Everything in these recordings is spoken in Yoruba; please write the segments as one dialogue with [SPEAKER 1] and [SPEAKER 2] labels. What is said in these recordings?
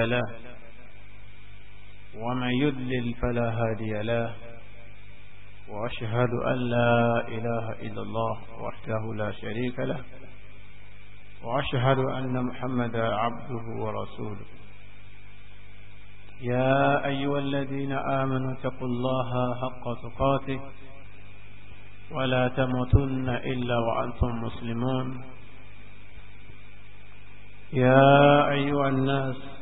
[SPEAKER 1] له ومن يدلل فلا هادي له وأشهد أن لا إله إلا الله وحده لا شريك له وأشهد أن محمد عبده ورسوله يا أيها الذين آمنوا اتقوا الله حق تقاته ولا تموتن إلا وأنتم مسلمون يا أيها الناس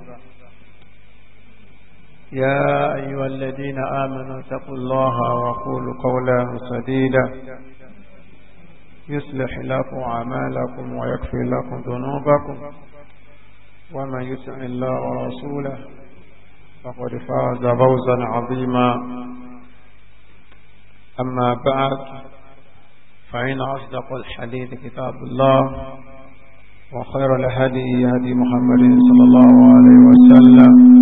[SPEAKER 1] يا أيها الذين آمنوا اتقوا الله وقولوا قولا سديدا يصلح لكم أعمالكم ويكفر لكم ذنوبكم ومن يطع الله ورسوله فقد فاز فوزا عظيما أما بعد فإن أصدق الحديث كتاب الله وخير الهدي هدي محمد صلى الله عليه وسلم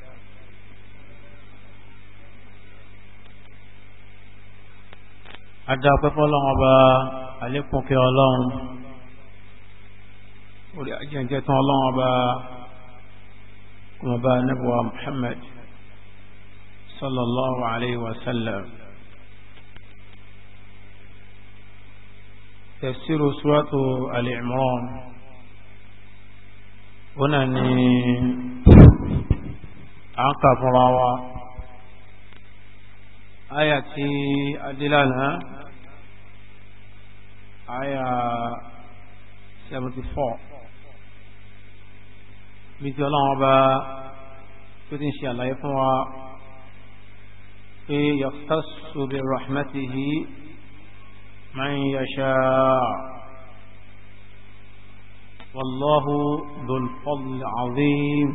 [SPEAKER 1] adáwọ̀pẹ́ fọ́lọ́wọ́n bá alékùnkẹ́ ọlọ́run orí ajẹ́jẹ́ tán ọlọ́run bá kùnbà níbuwa Muhammad sallallahu alayhi wa sallam tafsiru suratu al-Imran wọn ni à ń kà wa ayati adilana àyà 74 bí tí ọlọ́run ọba tó ti ń ṣe àlàyé fún wa pé yaqtasu bi rahmatihi man yasha wallahu dhul fadl azim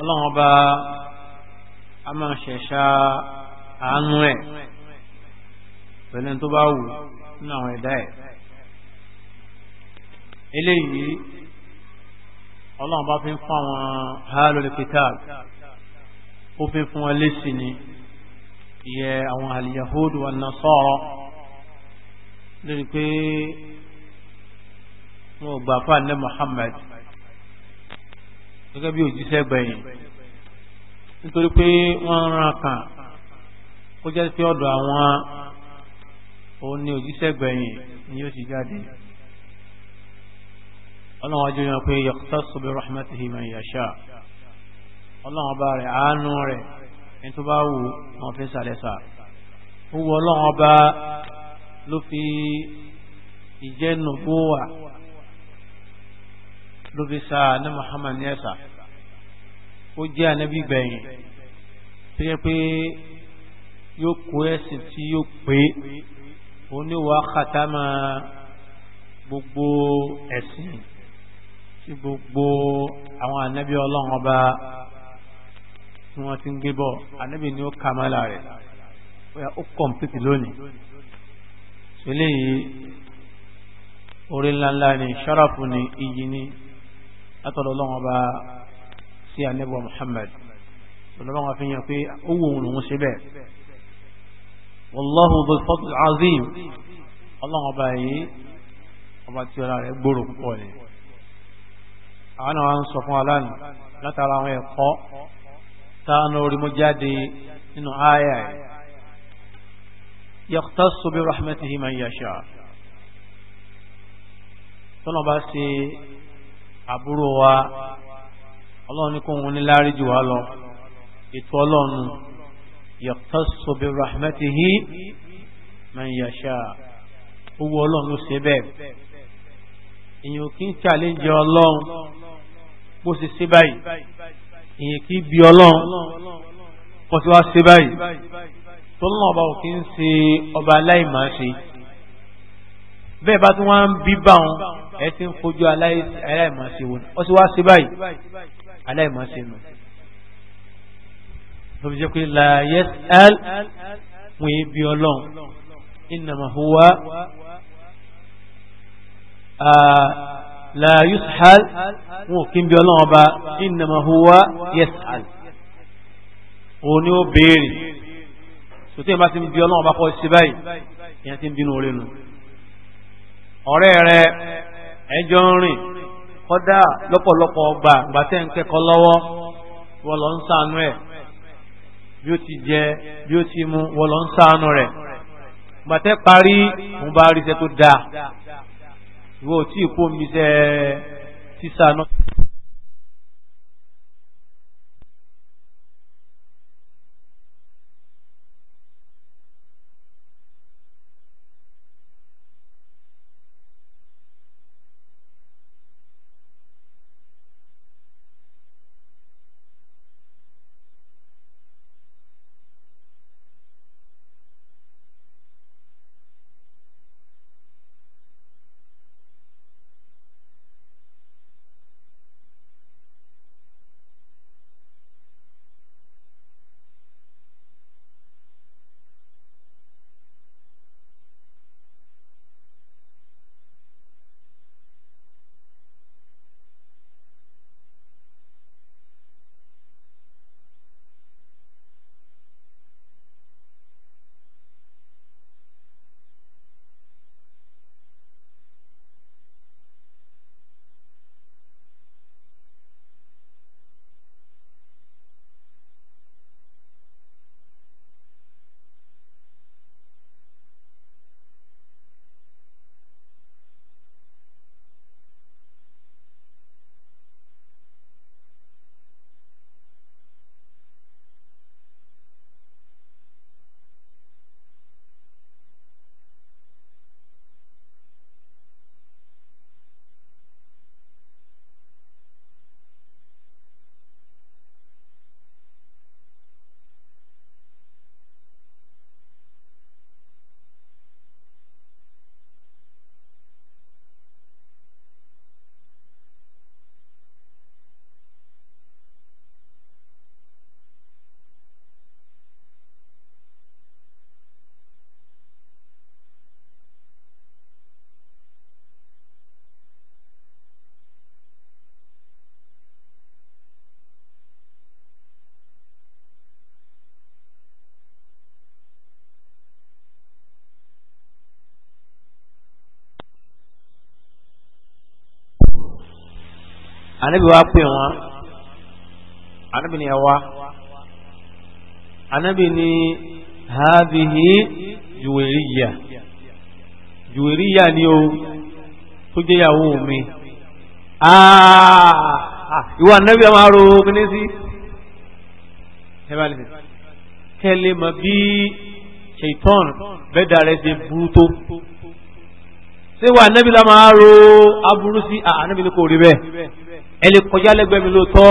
[SPEAKER 1] ọlọ́run ọba a máa ṣẹ̀ṣà àánú ẹ̀ pẹ̀lẹ́ tó bá wù nínú àwọn ẹ̀dá ẹ̀ eléyìí ọlọ́run bá fi ń fún àwọn ahlul kitab ó fi fún wọn lésì ni ìyẹ àwọn al-yahudu wa nasara lórí pé wọn ò gbà fún ànẹ́ Muhammad gẹ́gẹ́ bí òjíṣẹ́ gbẹ̀yìn nítorí pé wọ́n ń ran kàn ó jẹ́ pé ọ̀dọ̀ àwọn òun ni òjíṣẹ́ gbẹ̀yìn ni yóò ti jáde ọlọ́run ajọ́ yẹn pé yaqtasu bi rahmatihi man yasha ọlọ́run ọba rẹ̀ àánú rẹ̀ ní tó bá wù wọn fi sàlẹ̀ sà ó wọ ọlọ́run ọba ló fi ìjẹ́ nùbúwà ló fi sa ní Muhammad ní ẹ̀sà ó jẹ́ ànábì gbẹ̀yìn tó yẹ pé yóò kó ẹ̀sìn tí yóò pé oníwà kàtàmà gbogbo ẹ̀sìn tí gbogbo àwọn ànábì ọlọ́run ọba tí wọ́n ti ń gbé bọ̀ ànábì ni ó kàmálà rẹ̀
[SPEAKER 2] bóyá ó kọ̀m̀pìtì lónìí
[SPEAKER 1] sílẹ̀ yìí orí ńláńlá ni ṣọ́ràfù ni iyì ni látọ̀dọ̀ ọlọ́run ọba sí ànábì Muhammad ọlọ́run ọba fi hàn pé ó wù òun lòun ṣe bẹ́ẹ̀. والله ذو الفضل azim الله ọba yìí ọba tí ọlá rẹ̀ gbòòrò púpọ̀ ni àwọn àwọn ń sọ fún aláàánú látara àwọn ẹ̀kọ́ táwọn orí mú jáde nínú àyà ẹ̀ yaqtasu bi rahmatihi man yasha tọ́nà bá ṣe àbúrò wa ọlọ́run ní kóhun ní jù wá lọ ètò ọlọ́run يقتص bí من يشاء هو owó ọlọ́run ló ṣe bẹ́ẹ̀ èyàn kì í challenge ọlọ́run
[SPEAKER 2] bó ṣe ṣe báyìí
[SPEAKER 1] èyàn kì í bí ọlọ́run kó ṣe wá ṣe báyìí tó lọ́nà ọba ò kì í ṣe ọba aláìmọ̀ ṣe bá tí wọ́n bí bá wọn ti ń fojú aláìmọ̀ wọn ó ṣe wá ṣe báyìí aláìmọ̀ nù tó fi jẹ́ pé la yas'al mú ibi ọlọ́run innama huwa la yus'al mú kí n bí ọlọ́run ọba innama huwa yas'al òun ni ó béèrè sòtí ìbá ti ń bí ọlọ́run ọba kọ́ ṣe báyìí ìyẹn ti ń bínú orí nu ọ̀rẹ́ rẹ ẹjọ́ ń rìn kọ́dà lọ́pọ̀lọpọ̀ ọgbà gbàtẹ́ ń kẹ́kọ̀ọ́ lọ́wọ́ wọ́n lọ ń sànú ẹ̀ bí ó ti jẹ bí ó ti mu wọ́n lọ ń sànù rẹ̀
[SPEAKER 2] gbàtẹ́ parí òun bá rí iṣẹ́ tó dáa
[SPEAKER 1] ìwọ ò tí ì kó mi iṣẹ́ sísànù. anabi wa pè wọn anabi ni ẹ wá anabi ni haadihi juweriya juweriya ni o tó jẹ́ ìyàwó mi ìwọ anabi àwọn arò kìíní sí kẹlẹ mọ bí ṣètọ́n bẹ́ẹ̀ dàrẹ́ ṣe burú tó ṣé wà anabi la máa ro aburú sí anabi ni kò rí bẹ́ẹ̀ ẹ lè kọjá lẹ́gbẹ̀ẹ́ mi lóòótọ́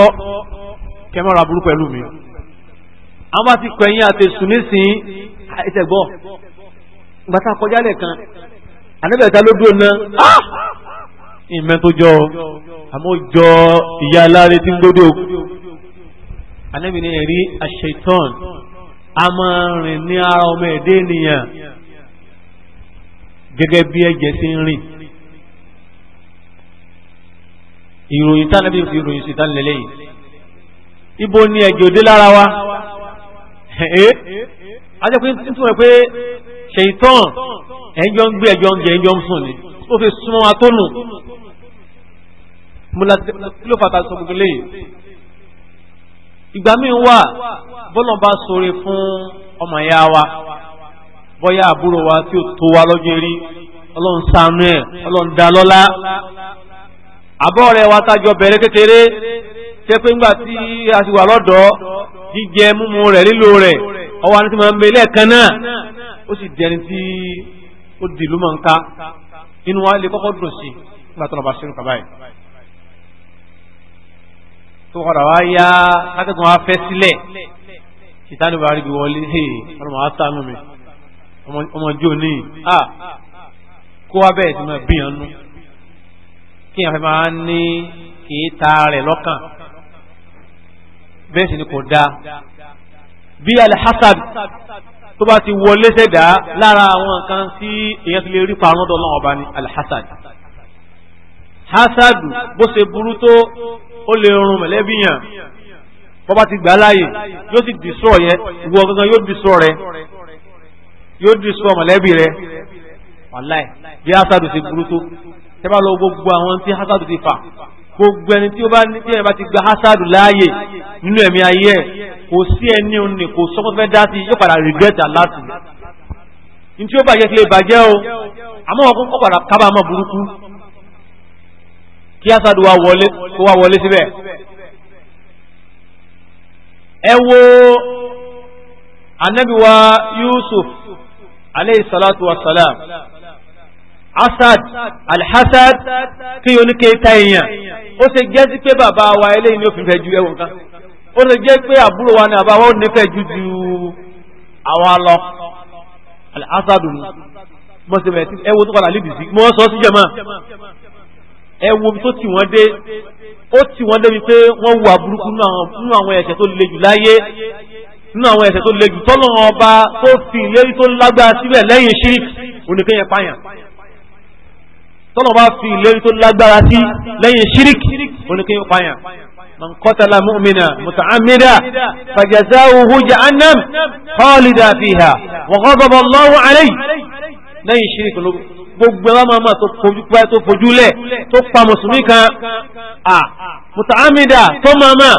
[SPEAKER 1] kẹmọ́ra burú pẹ̀lú mi àwọn bá ti pẹ̀ yín àti èsù nísìn ìtẹ̀gbọ́ gbàtà kọjá lẹ́ẹ̀kan àníbẹ̀ta ló dúró náà ìmẹ́ tó jọ àmọ́ jọ ìyá aláre tí ń gbódò àníbì ní ẹ̀rí àṣetán a ní ara ọmọ ẹ̀dẹ́ ènìyàn gẹ́gẹ́ bí ẹ̀jẹ̀ sí ń rìn ìròyìn tá nàbí fi ìròyìn sí ìtànilẹ́lẹ́ yìí ibo ni ẹ̀jẹ̀ òde lára wa ẹ̀ ajẹ́ pé nítorí wọn pé ṣèyítàn ẹ̀jọ́ ń gbé ẹ̀jọ́ ń jẹ ẹ̀jọ́ ń sùn ni ó fi súnmọ́ wa tó nù múlò fàtà sọ gbogbo lẹ́yìn ìgbà míì wà bọ́lọ̀ bá sọre fún ọmọ ìyá wa bọ́yá àbúrò wa tí ó tó wa lọ́jọ́ rí ọlọ́run ṣàánú ẹ̀ ọlọ́run dá lọ́lá àbọ̀ rẹ̀ wa tájọ bẹ̀rẹ̀ kékeré tẹ́ pé ńgbà tí a ti wà lọ́dọ̀ jíjẹ múmu rẹ̀ lílo rẹ̀ ọwọ́ àti máa ń bẹ lẹ́ẹ̀kan náà ó sì dẹni tí ó di ìlú máa ń ká inú wa lè kọ́kọ́ dùn sí nígbà tó lọ bá ṣerú kaba yìí tó kọ́ra wá yá látẹ̀gùn wa fẹ́ sílẹ̀ ìtàn ìbára ibi wọlé ọmọ wa sànú mi ọmọ jò ní ah, kó wa bẹ́ẹ̀ sì máa bíyànjú kí èèyàn fẹ́ máa ní kì í ta rẹ̀ lọ́kàn bẹ́ẹ̀ sì ni kò dáa bí alhassan tó bá ti wọlé sẹ́dá lára àwọn nǹkan tí èèyàn ti lè rí parun dọ̀ lọ́wọ́ ọba ní alhassan hasadu bó ṣe burú tó ó lè run mọ̀lẹ́bí yàn bó bá ti gbà láàyè yóò sì dìsọ́ yẹn ìwọ gangan yóò dìsọ́ rẹ yóò dìsọ́ mọ̀lẹ́bí rẹ wàláì bí hasadu ṣe burú tó ẹ bá lọ gbogbo àwọn tí hasadu ti fà gbogbo ẹni tí ó bá ní tí ẹni bá ti gba hasadu láàyè nínú ẹ̀mí ayé ẹ̀ kò sí ẹni òun ni kò sọ́kọ́ fẹ́ dá sí yóò padà rìgẹ́tà láti ní tí ó bàjẹ́ kí lè bàjẹ́ o àmọ́ wọn kò padà kábàámọ̀ burúkú kí hasadu wá wọlé síbẹ̀ ẹ wo anabiwa Yusuf aleyhi salatu wa salam asad alhassad
[SPEAKER 2] kí o ní kéta èèyàn
[SPEAKER 1] ó ṣe jẹ́ sí pé bàbá wa eléyìí ni ó fi fẹ́ ju ẹwọ̀n kan ó lè jẹ́ pé àbúrò wa ni àbá wa ó nífẹ̀ẹ́ ju ju àwa lọ alhassad ni mo ṣe bẹ̀rẹ̀ sí ẹwọ tó padà lébi sí mo sọ sí jẹ́mọ́ ẹwọ tó tì wọ́n dé ó tì wọ́n débi pé wọ́n wu àbúrúkú nínú àwọn ẹ̀ṣẹ̀ tó le jù láyé nínú àwọn ẹ̀ṣẹ̀ tó le jù tọ́lọ́ ọba tó fi ìlérí tó lágbára síbẹ̀ lẹ́yìn ṣírí oníkéyẹn tọ́lọ̀ bá fi ìlérí tó lágbára sí lẹ́yìn ṣíríkì oníkẹ́ yóò pààyàn man qatala mu'mina muta'ammida
[SPEAKER 2] fajazawuhu jahannam khalida
[SPEAKER 1] fiha wa ghadaba Allahu alayhi lẹ́yìn ṣíríkì gbogbo ẹwà máa máa tó fojú lẹ̀
[SPEAKER 2] tó pa mùsùlùmí kan
[SPEAKER 1] à muta'ammida tó máa máa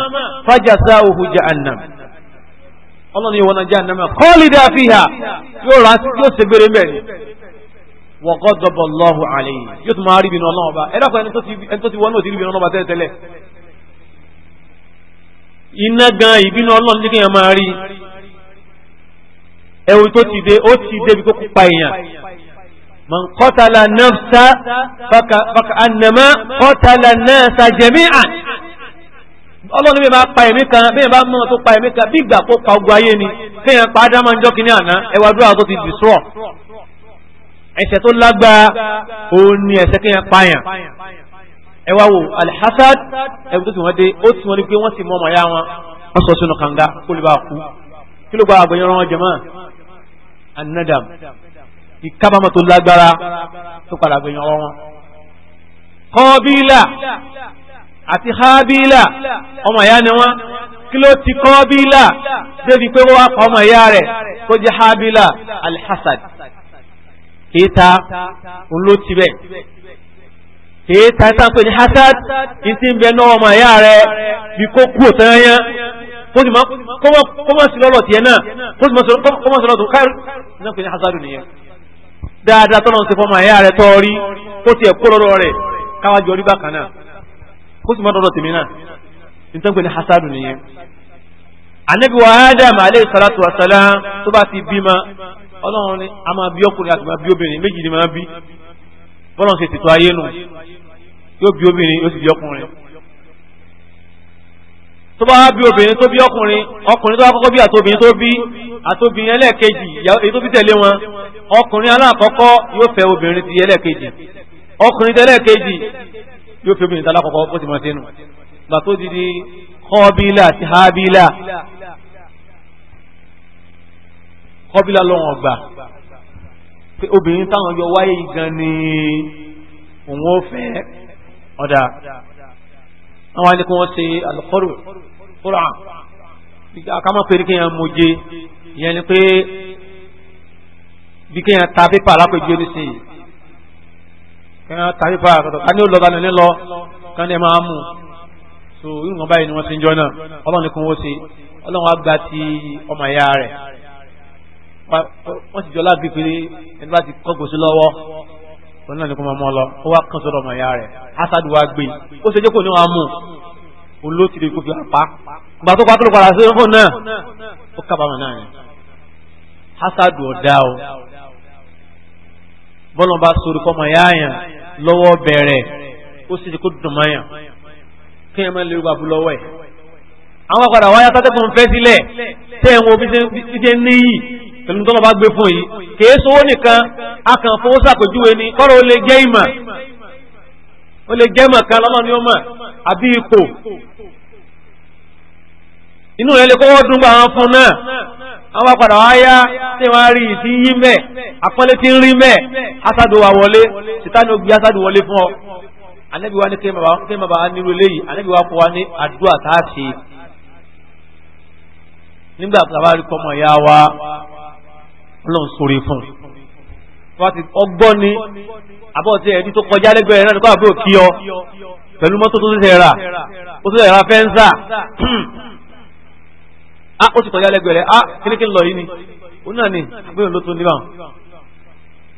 [SPEAKER 1] fajazawuhu jahannam ṣe bèrè mẹ́rin wa ghadaba Allahu alayhi yóò tún máa rí ìbínú ọlọ́run ọba ẹ̀dá kan ẹni tó ti wọ́n náà ti rí ìbínú ọlọ́run ọba tẹ́lẹ̀tẹ́lẹ̀ iná gan ìbínú ọlọ́run ní kéèyàn máa rí ẹ̀wù tó ti dé ó ti dé bí kó kópa èèyàn man qatala nafsa faka annama qatala nasa jami'an ọlọ́run bí máa pa ẹ̀mí kan bí máa mọ́ tó pa ẹ̀mí kan bí ìgbà kó pa ogun ayé ni kéèyàn pa ádámà ń jọ́kí ní àná ẹwà dúrà tó ti dìstrọ̀ ẹ̀ṣẹ̀ tó lágbàá òun ni ẹ̀ṣẹ̀ kéèyàn pààyàn ẹ wá wo alhassad ẹbí tó ti wọ́n dé ó ti wọ́n ní pé wọ́n sì mọ́ ọmọ ya wọn wọ́n sọ sínú kànga kó lè bá kú kí ló gba àgbẹ̀yẹ̀rọ wọn jẹ̀mọ́ anadam ìkábàámọ̀ tó lágbára tó padà àgbẹ̀yẹ̀rọ wọn. kọ́bílà àti hábílà ọmọ ni wọn kí ló ti kọ́bílà débi pé wọ́n wá pa ọmọ rẹ̀ kó jẹ́ hábílà alhassad kéta ńlọ tibẹ̀ kéta sáńpé ní hasad ní ti ń bẹ náà ọmọ ẹ̀yà rẹ̀ bí kó kú òtán yẹn kọ́mọ̀ sí lọ́lọ́ tiẹ̀ náà kọ́mọ̀ sí lọ́tún káàrí náà pé ní hasad nìyẹn dáadáa tọ́nà ń ṣe fọ́mọ ẹ̀yà rẹ̀ tọ́ rí kó tiẹ̀ kó lọ́dọ̀ rẹ̀ káwájú orí bákan náà kó sì má dọ́dọ̀ tèmi náà nítorí pé ní hasad nìyẹn. anabi wa adam aleyhi salatu wa salam tó bá ti bímọ ọlọ́run ni a máa bí ọkùnrin àti bí obìnrin méjì ni máa bí bọ́lọ̀ ṣe tètò ayé nù yóò bí obìnrin yóò sì bí ọkùnrin tó bá bí obìnrin tó bí ọkùnrin ọkùnrin tó bá kọ́kọ́ bí àtobìnrin tó bí àtobìnrin ẹlẹ́ẹ̀kejì èyí tó bí tẹ̀lé wọn ọkùnrin aláàkọ́kọ́ yóò fẹ́ obìnrin ti ẹlẹ́ẹ̀kejì ọkùnrin tẹlẹ́ẹ̀kejì yóò fẹ́ obìnrin tẹlẹ́ẹ̀kọ́kọ́ ó sì máa ṣe nù gbà tó di di kọ́bílà àti hábílà kọ́bílà lọ́wọ́n ọgbà pé obìnrin táwọn yọ wáyé gan ni òun ó fẹ́ ọ̀dà àwọn alẹ́kùn wọn ṣe alùkọ́rù kúrà àkàmọ́ pé ní kéèyàn mojé ìyẹn ni pé bí kéèyàn ta pépà lápèjì oníṣìí kéèyàn ta pépà àkàtọ̀ ká ní ó lọ dání nílọ ká ní ẹ máa mú so irun kan báyìí ni wọ́n ti ń jọ náà ọlọ́run ni kò wọ́n ṣe ọlọ́run á gba ti ọmọ ẹ̀yà rẹ̀ wọ́n ti jọ láàbí pé ẹni bá ti kọ́gbó sí lọ́wọ́ òun náà ni kò máa mọ́ lọ ó wá kàn sọ́dọ̀ ọmọ ìyá rẹ̀ asadu wa gbé ó ṣe jókòó ní wọn mú olótìrí kò fi apá ìgbà tó pàtó padà sí ọ̀hún náà ó kábàámọ̀ náà ni asadu ọ̀dà o bọ́lọ̀ bá sori kọ́ ọmọ ìyá yẹn lọ́wọ́ bẹ̀rẹ̀ ó sì ti kó dùn mọ́ yẹn kí ẹ máa lè wà bú lọ́wọ́ ẹ̀ àwọn padà wáyà tátẹ́kùn fẹ́ sílẹ̀ tẹ́ ẹ̀ wọ́n bí ṣe ń níyì pẹ̀lú tọ́lọ́ bá gbé fún yìí kìí sówó nìkan a kàn fowó sàpèjúwe ni kọ́rọ̀ ó lè jẹ́ ìmọ̀ ó lè jẹ́ ìmọ̀ kan lọ́nà ni ó mọ̀ àbí ipò inú rẹ̀ lè kọ́wọ́ dùn bá wọn fún náà àwọn apàdà wa yá tí wọ́n á rí ìdí yí mẹ́ àpọ́nlé tí ń rí mẹ́ asádò wà wọlé sìtáni ó gbé asádò wọlé fún ọ anabi wa ni kéema bá nírú eléyìí anabi wa fún wa ní àdúrà tá nígbà tá a bá rí kọ́mọ ya wa ọlọ́run sórí fún ọgbọ́n ni àbọ̀tí ẹ̀dí tó kọjá lẹ́gbẹ̀ẹ́ náà nípa àbúrò kí ọ pẹ̀lú mọ́tò tó ṣẹ̀ṣẹ̀ rà ó ṣẹ̀ṣẹ̀ rà fẹ́ńsà á ah, ó sì kọjá lẹ́gbẹ̀ẹ́ rẹ̀ á ah, kíníkí lọ yìí ni ó náà ni bóyá ló tún níbà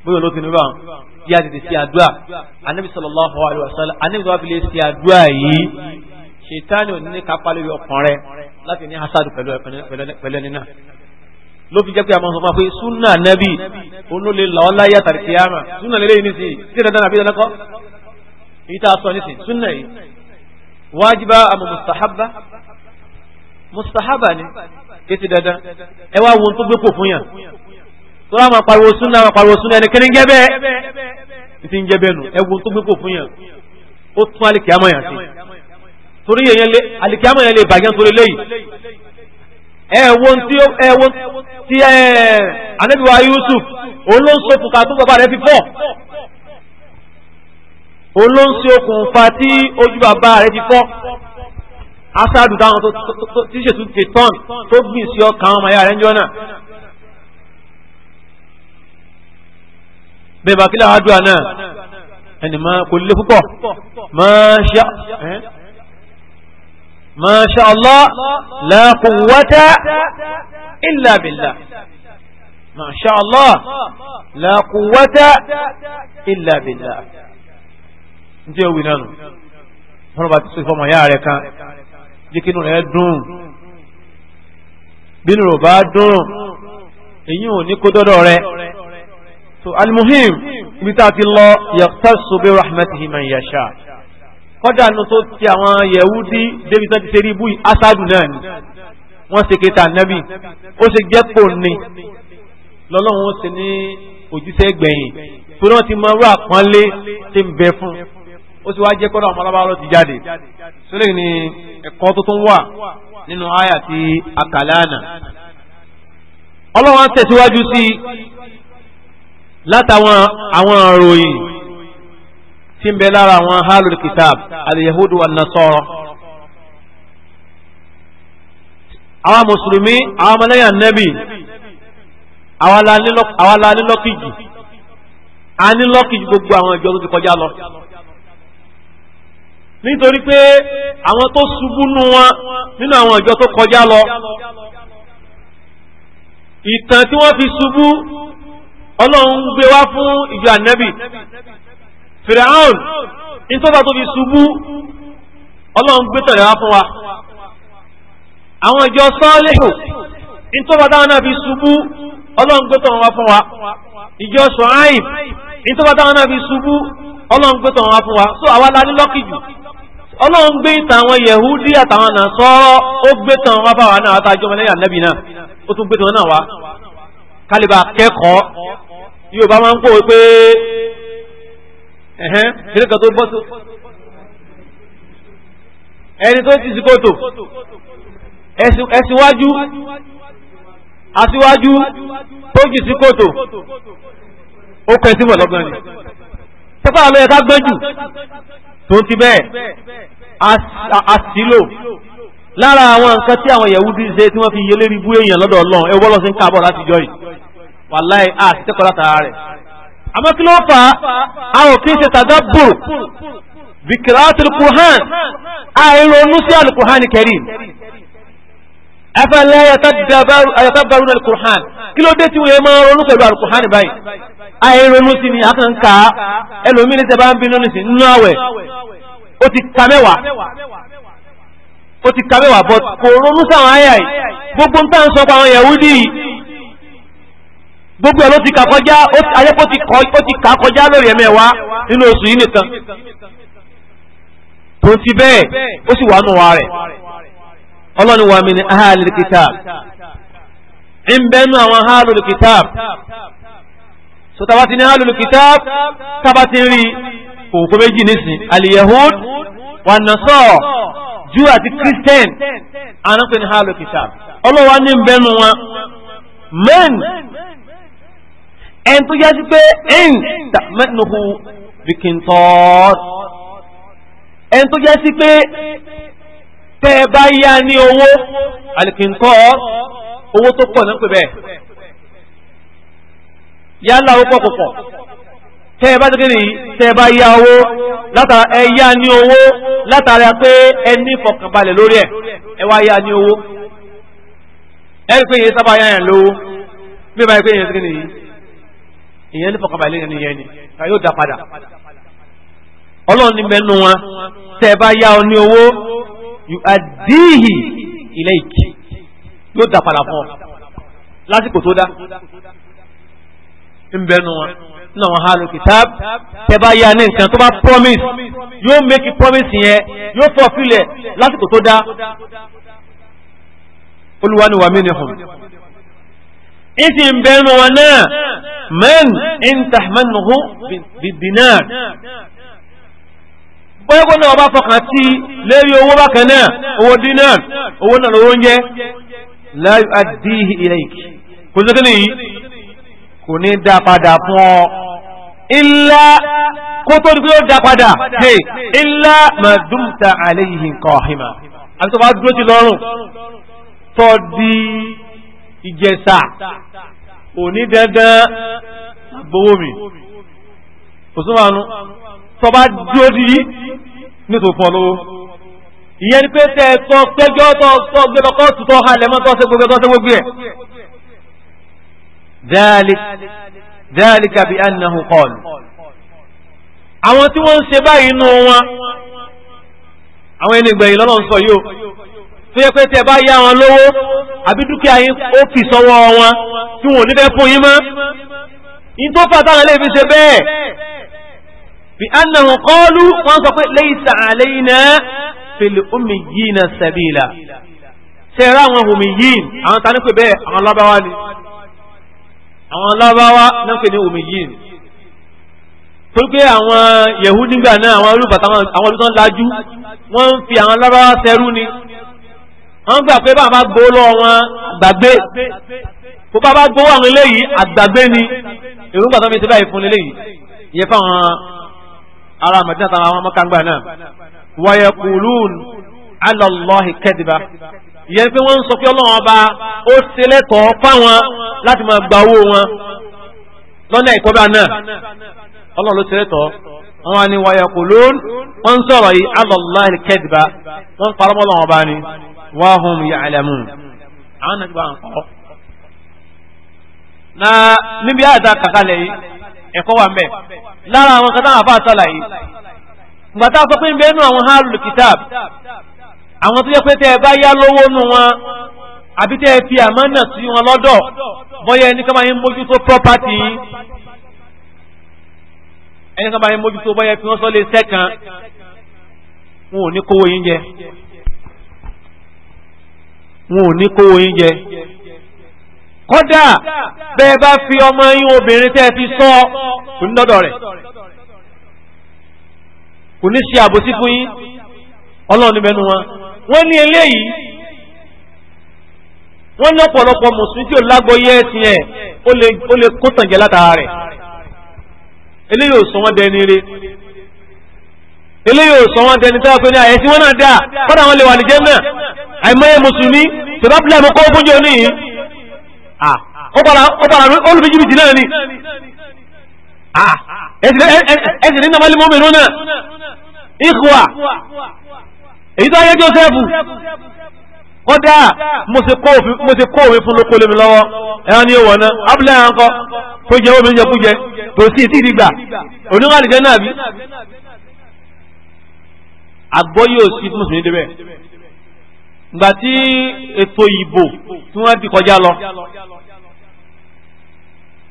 [SPEAKER 1] bóyá ló tún níbà bí a tètè ṣe àdúrà anábì sallallahu alaihi wasallam anábì tó wá fi lè ṣe àdúrà yìí ṣètánì ò ní kápá lórí ọkàn rẹ láti ní hasad pẹ̀lú ẹni náà ló fi jẹ́ pé àmọ́ sọfún wa pé súnà nẹ́bì olólè lọ́ọ́ láyé àtàrí kìámà súnà lélẹ́yìn nísìnyí tí dandan àbí dandan kọ́ èyí tá a sọ nísìnyí súnà yìí wájibá àmọ́ mustahaba mustahaba ni kéte dandan ẹ wá wọn tó gbé pò fún yàn tó láwọn pariwo súnà àwọn pariwo súnà ẹni kẹ́ni ń jẹ́
[SPEAKER 2] bẹ́ẹ̀
[SPEAKER 1] ń jẹ́ nù ẹ wọn tó gbé pò fún yàn ó tún alikiyama yàn sí torí alikiyama yàn lè bàjẹ́ nítorí léyìí ẹ wọn tí ẹ wọn ti ẹ eh, anabiwa Yusuf olóńsó fúnka tó bàbá rẹ̀ fi fọ́ olóńsó okùnfà tí ojú bàbá rẹ̀ fi fọ́ asadu táwọn tó ti ṣètò tètọ́n tó gbìn sí ọkàn àwọn ọmọ ẹ̀yà rẹ̀ ń jọ náà. bẹ́ẹ̀ bá kílẹ̀ àdúrà náà ẹni máa kò lè púpọ̀ Masha Allah la quwwata. إلا بالله ما شاء الله لا illa إلا بالله tí ó wí nánu wọn bá ti sọ ìfọmọ ya rẹ kan jíkínú rẹ dùn bínú so alimuhim ibi tá a ti lọ yaqtasu bi rahmatihi man yasha kódà nu tó ti àwọn débi tó ti ṣe rí ibú náà ni wọ́n ṣe kéta nẹ́bì ó ṣe jẹ́ pò ní lọ́lọ́run ó ṣe ní òjíṣẹ́ gbẹ̀yìn tó náà ti mọ irú àpọ́nlé tí ń bẹ fún ó sì wá jẹ́ kọ́dọ̀ àwọn alábàárọ̀ ti jáde sílẹ̀ ni ẹ̀kọ́ tó wà nínú àyà ti àkàlànà ọlọ́run tẹ̀síwájú sí látàwọn àwọn ìròyìn tí ń bẹ lára àwọn hálùl kìtàb al-yahudu wan àwa mùsùlùmí àwa ọmọlẹ́yìn ànẹ́bì àwa la nílọ́kì jù a nílọ́kì jù gbogbo àwọn ìjọ tó ti kọjá lọ nítorí pé àwọn tó ṣubú nú wọn nínú àwọn ìjọ tó kọjá lọ ìtàn tí wọ́n fi ṣubú ọlọ́run gbé wá fún ìjọ ànẹ́bì fìràhàn nítorí tó fi ṣubú ọlọ́run gbé tọ̀lẹ̀ wá fún wa. àwọn ìjọ sọ́ọ́lẹ́hù nítorí táwọn náà fi ṣubú fún wa ìjọ náà fi ṣubú ọlọ́run gbé fún wa so àwa la ní jù ọlọ́run gbé yẹ̀húdí àtàwọn náà sọ́ọ́ ó gbé tọ̀wọ́n wá fáwọn náà àtàjọ ọmọlẹ́yà nẹ́bì náà ó tún gbé náà wá kálíbà kẹ́kọ̀ọ́ ẹ̀síwájú aṣíwájú
[SPEAKER 2] tó jù sí kòtò
[SPEAKER 1] ó kọ ẹtí bọ̀ lọ́gbọ́n ni
[SPEAKER 2] tẹ́fà ló yẹ ká gbọ́n jù
[SPEAKER 1] tó ti bẹ́ẹ̀ àṣìlò lára àwọn nǹkan tí àwọn Yẹhudi ṣe tí wọ́n fi yẹ lérí bú èèyàn lọ́dọ̀ Ọlọ́run ẹ wọ́lọ́sí ń káàbọ̀ láti jọ yìí wàláì àti tẹ́kọ̀ọ́ látara rẹ̀ àmọ́ kí ló fà á àwọn kì í ṣe tadabbur bìkìrà àti lukuhan àìrònú sí alukuhan kẹrin afẹ́lẹ́ ayatọ́bàrún alukurhan kí ló dé tí wọ́n yẹ máa ronú pẹ̀lú alukurhan báyìí àìronú sí ni akànká ẹlòmíì ní sẹ́bà ń bínú nìsín nínú àwẹ̀ ó ti ka mẹ́wàá ó ti ka mẹ́wàá bọ́ kò ronú sáwọn àyà yìí gbogbo ń tàn sọ pa àwọn Yahudi gbogbo ẹ̀ ló ti kà kọjá ayẹ́pọ̀ ti kà kọjá lórí ẹ̀mẹ́wàá nínú oṣù yìí nìkan tó ti bẹ́ẹ̀ ó sì wà nù wa rẹ̀ ọlọ́ni wa min ahalil kitab ń bẹnu àwọn ahalil kitab so tàbá ti ní ahalil kitab tàbá ti rí òkú méjì nísìn aliyahud wa nasọ Júù àti christian anáfẹ́ ní ahalil kitab ọlọ́wà ní bẹnu wọn men ẹn tó yá pé ẹn tàmẹ́nuhu bikintor ẹn tó yá pé tẹ́ ẹ bá yá ní owó àlìkìńkọ́ owó tó pọ̀ náà pè bẹ́ẹ̀ yálà owó pọ̀pọ̀pọ̀ tẹ́ ẹ bá ti kéde yìí tẹ́ ẹ bá yá owó látara ẹ yá ní owó látara pé ẹ ní ìfọkànbalẹ̀ lórí ẹ ẹ wá yá ní owó ẹ rí pé yẹn sábà yá yẹn lówó bí ẹ pé yẹn ti kéde ìyẹn ní fọkànbalẹ̀ yẹn ni ni ká yóò dá padà ọlọ́run ní mẹ́nu wọn tẹ́ bá yá ọ ní owó yu'addihi ilayki yóò dá padà fún ọ lásìkò tó dá ń wọn náà wọn hálò kìtàb tẹ yá ní nǹkan tó bá promise yóò make promise yẹn yóò fulfill ẹ lásìkò tó dá olúwa ni wà ìsì ń wọn náà man ń tahmanuhu bi dinar bóyẹ́gbọ́n náà bá fọkàn tí lérí owó bákan náà owó dínà owó náà lówó ń jẹ́ láyé àdíhì ilẹ̀ ìkì kò sí kíni yìí kò ní dá padà fún ọ ilá kó tó ní dá padà dé ilá màdúmta àléyìí nǹkan ọ̀hìnmá àti bá dúró ti lọ́rùn tó di ìjẹsà òní dandan àgbowó mi òsùnmọ̀ àánú tọba dúró di nítorí fún ọ lówó ìyẹn ni pé tẹ tọ pẹjọ tọ tọ gbẹdọ kọ tutọ halẹ̀ mọ́ tọ ṣe gbogbo tọ ṣe gbogbo ẹ. dhalika bi annahu qalu àwọn tí wọ́n ń ṣe báyìí nù wọn àwọn ẹni gbẹ̀yìn lọ́nà ń sọ yìí tó yẹ pé tẹ bá yá wọn lówó àbí dúkìá yín ó fi sọ́wọ́ wọn tí wọn ò ní fẹ́ fún yín mọ́ yín táwọn ilé ìfi ṣe bẹ́ẹ̀ bí annahu qalu wọ́n sọ pé laysa alayna fil ummiyina sabila tẹ́rẹ àwọn umiyin àwọn ta ní pé bẹ́ẹ̀ àwọn lọ́báwá ni àwọn lọ́báwá náà pè ní umiyin tó pé àwọn yehudi nígbà náà àwọn olùbàtà àwọn olùtọ́ lajú wọ́n ń fi àwọn lọ́báwá sẹ́rú ni wọ́n gbà pé bàbá gbowó lọ́wọ́ wọn àgbàgbé kó bàbá gbowó àwọn eléyìí àgbàgbé ni èròǹgbà tó fi ti báyìí fún eléyìí ìyẹn fáwọn ara Madina tara wa yaqulun ala Allahi kadiba ìyẹn pé wọ́n ń ọba ó ṣe lẹ́tọ̀ọ́ fáwọn lati ma gbawo wọn lọ́nà na náà naa ló ṣe lẹ́tọ̀ọ́ wọn ni wa yaqulun wọ́n ń sọ̀rọ̀ yìí ala Allahi ọba ni wa hum ya'lamun na ẹ̀kọ́ wà mẹ́ lára àwọn kan táwọn àfáà sàlàyé gbàtà sọ pé ń bẹ́ẹ̀ nù àwọn hálùlù kìtàb àwọn tó yẹ pé tẹ́ ẹ bá yá lówó nù wọn àbí tẹ́ ẹ fi àmánà sí wọn lọ́dọ̀ bọ́yá ẹni kábàáyé mójútó property ẹni kábàáyé mójútó bọ́yá fi wọ́n sọ lé sẹ́kàn wọn ò ní kówó yín jẹ wọn ò ní kówó yín jẹ kọ́dà bẹ́ẹ̀ bá fi ọmọ yín obìnrin tẹ́ fi sọ kò ní dọ́dọ̀ rẹ̀ kò ní ṣe àbòsí fún yín ọlọ́run mẹ́nu wọn wọ́n ní eléyìí wọ́n ní ọ̀pọ̀lọpọ̀ mùsùlùmí tí ò lágbóyé ẹ̀sìn ẹ̀ ó lè kó tànjẹ́ látara rẹ̀ eléyìí ò sọ wọ́n dẹni re eléyìí ò sọ wọ́n dẹni tó pé ní àyẹ̀sí wọn náà dà kọ́dà wọn lè wà
[SPEAKER 2] náà
[SPEAKER 1] mùsùlùmí tòbá bílẹ̀ kọ́ ọ̀pàdà olùfẹ́jì bìtì náà ni ah. ẹ̀sìn ní nàmàlì mọ́mìnú náà ìkùwà
[SPEAKER 2] èyí tó ayé Jósẹ́fù
[SPEAKER 1] kódà mo ti kó òwe fún lóko lèmi lọ́wọ́ ẹran ní ìwọ̀n náà abúlé ẹran kọ́ tó jẹ́ omi jẹkújẹ tó sí ìtì ìdìgbà oníwàlìjẹ náà bí àgbọ́ yóò sí mùsùlùmí débẹ̀ ìgbà tí ètò ìbò tí wọ́n ti kọjá lọ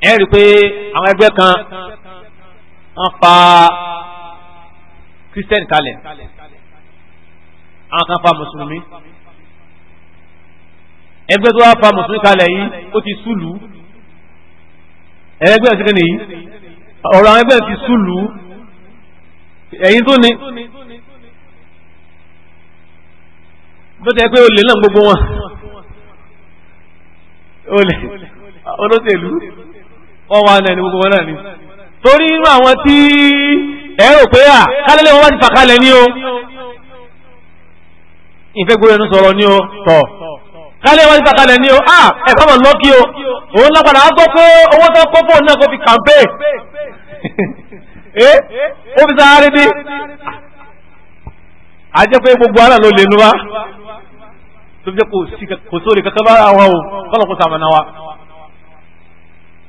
[SPEAKER 1] ẹ rí i pé àwọn ẹgbẹ́ kan wọ́n fa kírísítẹ́nì kalẹ̀ àwọn kan fa mùsùlùmí ẹgbẹ́ tó wá fa mùsùlùmí kalẹ̀ yìí ó ti súlù ẹgbẹ́ ìsìnkú nìyí ọ̀rọ̀ àwọn ẹgbẹ́ ti súlù ẹ̀yìn tó ní. bó ti yẹ pé olè náà gbogbo wọn olè olóṣèlú ọwọ́ àná ẹni gbogbo wọn náà ni torí inú àwọn tí ẹ rò pé à kálẹ́lẹ́ wọn bá ti fàkalẹ̀ ní o ìfẹ́ gbogbo ẹnu sọ̀rọ̀ ní o tọ̀ kálẹ̀ wọn ti fàkalẹ̀ ní o à ẹ̀fọ́ mọ̀ lọ́kì o òun náà padà á gbọ́ pé owó tó kó fóònù náà kó fi kàmpé ẹ eh? ó fi sáré dé àjẹpẹ́ gbogbo ara ló lè nu wa tó fi jẹ́ kò sóòrè kankan bá wa o kọ́lọ̀ kó sàmọ̀nà wa.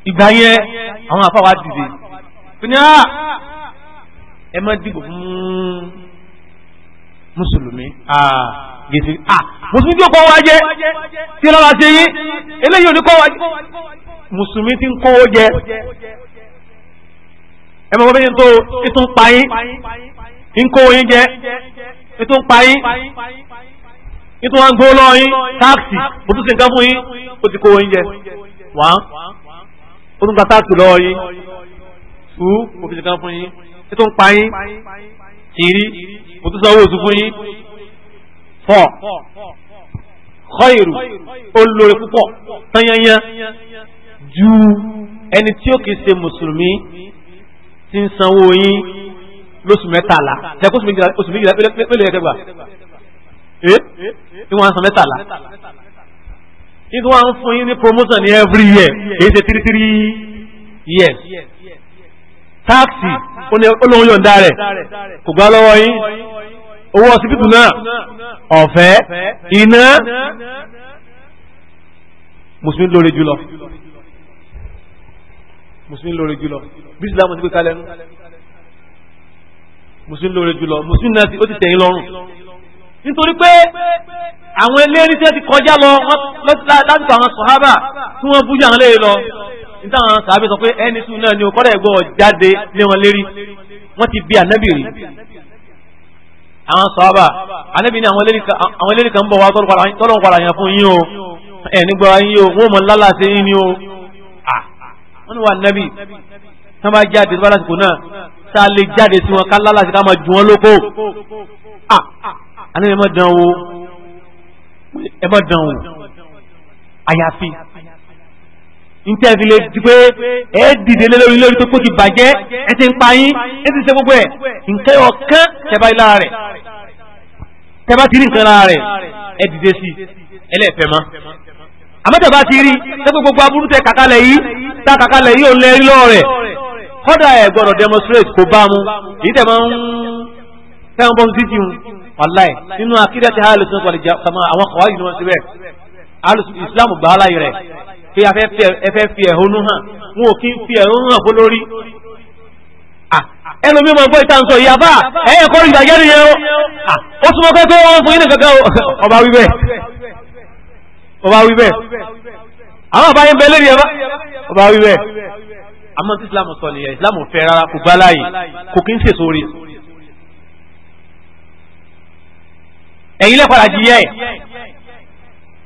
[SPEAKER 1] ìgbà yẹn àwọn àfa wa dìde fi ni ẹ má dìbò fún mùsùlùmí gèsè à mùsùlùmí tí ó kọ́ wa jẹ́
[SPEAKER 2] tí lọ́la ṣe yín eléyìí ò ní kọ́ wa jẹ́
[SPEAKER 1] mùsùlùmí tí ń kọ́ ó jẹ́ ẹ mọ̀ bẹ́ẹ̀ tó ètò ń pa yín ń kó yín jẹ́ ètò ń pa yín nítorí wọn gbó lọ yín táàkì
[SPEAKER 2] mo tún ṣe nǹkan fún yín ó ti kó oúnjẹ
[SPEAKER 1] wá ó tún gba táàkì lọ yín tù mo fi ṣe nǹkan fún yín nítorí pa yín kiri
[SPEAKER 2] mo tún sanwó oṣù fún yín fọ khairu
[SPEAKER 1] ó lóore púpọ̀ ju ẹni tí ó kìí ṣe mùsùlùmí ti ń sanwó yín lóṣù mẹ́tàlá ṣe kóṣù méjìlá oṣù méjìlá pélé ẹ̀kẹ́gbà
[SPEAKER 2] ìwọ̀n
[SPEAKER 1] eh? san mẹ́tàlá ìdí wọn fún yín ní promotion ní every year èyí ṣe three three years táàkì olóhùn yọ̀ǹda rẹ̀ kò gbá lọ́wọ́ yín owó ọsibítù náà ọ̀fẹ́ iná mùsùlùmí lóore jùlọ mùsùlùmí lóore jùlọ bí islam ti gbé kalẹ̀ nù mùsùlùmí lóore jùlọ mùsùlùmí náà ó ti tẹ̀yìn lọ́rùn nítorí pé àwọn eléyìí tí wọ́n ti kọjá lọ lásìkò àwọn sọ̀hábà tí wọ́n bújú àwọn léyìí lọ níta àwọn sàábì sọ pé ẹni sùn náà ni o kọ́dà ẹ̀gbọ́ jáde lé wọn lérí wọ́n ti bí ànábì rí àwọn sọ̀hábà ànábì ni àwọn eléyìí kan ń bọ̀ wá tọ́lọ́ padà yàn fún yín o ẹ̀ nígbà yín o wọ́n mọ̀ lálà sí yín ni o wọ́n wà ànábì tí wọ́n bá jáde lásìkò náà tá a lè jáde sí wọn ká lálà sí ká máa jù wọn lóko ànábì ẹ má dán wò ẹ má dán wò àyàfi ntẹ́ fi lè di pé ẹ dìde lé lórí lórí tó kó ti bàjẹ́ ẹ ti ń pa yín ẹ ti ṣe gbogbo ẹ̀ nkẹ́ ọ̀kán tẹ́bá ilá rẹ̀ tẹ́bá ti rí nǹkan lára rẹ̀ ẹ dìde sí ẹlẹ́fẹ̀ mọ́ àmọ́tẹ̀bá ti rí tẹ́gbẹ́ demonstrate kò bá mu sẹ́wọ̀n bọ́n títí un wàláì nínú akídà ti hàlù sọ́tọ̀ àlejò àtàmà àwọn kọ̀wá yìí ni wọ́n ti bẹ̀ hàlù islam gbà á láyé rẹ̀ pé afẹ́ fi ẹ̀hónú hàn wọn ò kí ń fi ẹ̀hónú hàn fólórí. ẹnu mi máa gbọ́ ìta nsọ yìí àbá ẹ̀yẹ kọ́ ìgbà yẹ́nu yẹn ó súnmọ́ pé pé wọ́n fún yín nìkan kan ọba wí bẹ́ẹ̀ ọba wí bẹ́ẹ̀
[SPEAKER 2] àwọn àbáyé ń bẹ lórí ẹ̀bá ọba wí bẹ́ẹ̀
[SPEAKER 1] àmọ́ tí islam sọ nìyẹn islam fẹ́ rárá kò gbá láàyè kò kí ń ṣèṣore. ẹ̀yin lẹ́kọ̀ọ́ra jì yẹ́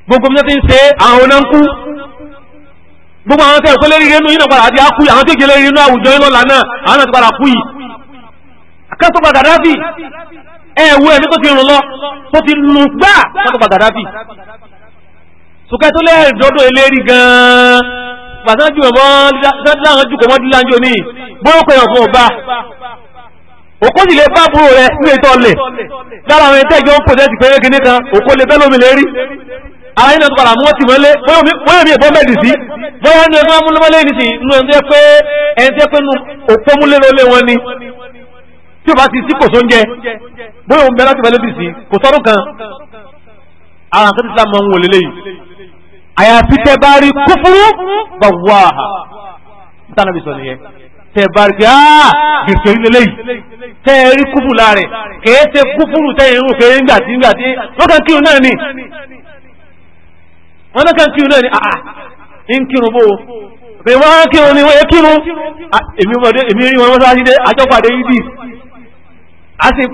[SPEAKER 1] gbogbo bí wọ́n ti ń ṣe àwọn onáńkú gbogbo àwọn tẹ́lẹ̀ tó lérí rẹ̀ nínú ìnàpadà àti akú àwọn tó gẹlẹ́ rínú àwùjọ yìí lọ́la náà àwọn náà ti padà kú yìí akẹ́tọ̀gbà gàdáfì ẹ̀wọ́ ẹ̀mí tó ti rùn lọ tó ti lù gbà akẹ́tọ̀gbà gàdáfì sùkẹ́ tó lẹ́rìí dọ́dọ̀ eléri gan-an pàtàkì ọ̀bọ̀n dáhùn jùkọ̀ mọ́dúnláńjọ ní gbọ́ọ̀pẹ̀ ọ̀bọ̀n ọba òkó sì lè bá búrò rẹ ní ètò ọlẹ̀ lára àwọn ẹ̀tẹ́ ìjọ ń pèsè ti pẹ́rẹ́ kìíní kan òkó lè bẹ́lómi lè rí ara yìí náà tó padà mú wọ́n ti mọ́lé bóyá mi ìbọn mẹ́rin sí bóyá ní ẹgbẹ́ amúlọ́mọ́lé ní sí inú ẹni tẹ́ pé ẹni tẹ́ pé nu òpó múlé lólé wọn ni tí o bá ti sí kò sóúnjẹ bóyá òun bẹ láti bẹ lóbi sí kò sọ́dún kan ara nǹkan ti sá mọ́ òun òlélẹ́ yìí àyàfi tẹ́ bá tẹ bá rí pé áà ah, gẹ̀gẹ̀ rí lélẹ́yìí
[SPEAKER 2] tẹ rí kúfù láàrẹ̀
[SPEAKER 1] kèé ṣe kúfùrù tẹ ìrún pé ńgbà tí ńgbà tí wọ́n kàn kírun náà ni ni àà ah, ah, ń kírun bó pé wọ́n kírun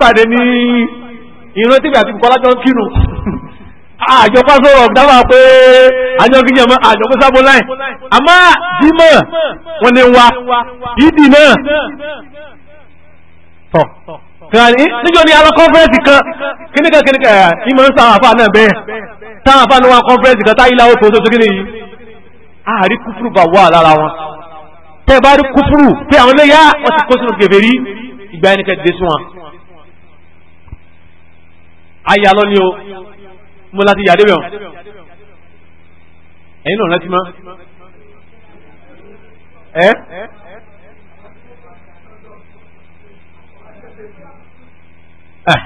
[SPEAKER 1] pàdé ní ìrántí gbà tí kọ́lá tó àjọ pásọ̀rọ̀ dábàá pé àjọ kí jẹmọ́ àjọ pé sábó láì àmá dímọ̀
[SPEAKER 2] wọn lè wa
[SPEAKER 1] ìdì náà tọ̀ kìràní níjọ́ ní alọ́ kọ́nfẹ́rẹ́sì kan kíníkà kíníkà ìmọ̀ ń sáwọn àfáà náà bẹ́ẹ̀ táwọn àfáà náà wá kọ́nfẹ́rẹ́sì kan táyìlá ó tó tó kíní yìí àárí kúfúrú bà wà lára wọn tẹ́ bá rí kúfúrú pé àwọn léyà wọ́n ti kó sínú gèbè ìgbà ẹnikẹ́ dé sí wọn. ayé alọ́ ni o
[SPEAKER 2] mo láti yàdé bẹ̀ wọn ẹ̀yin náà rántí mọ́ ẹ́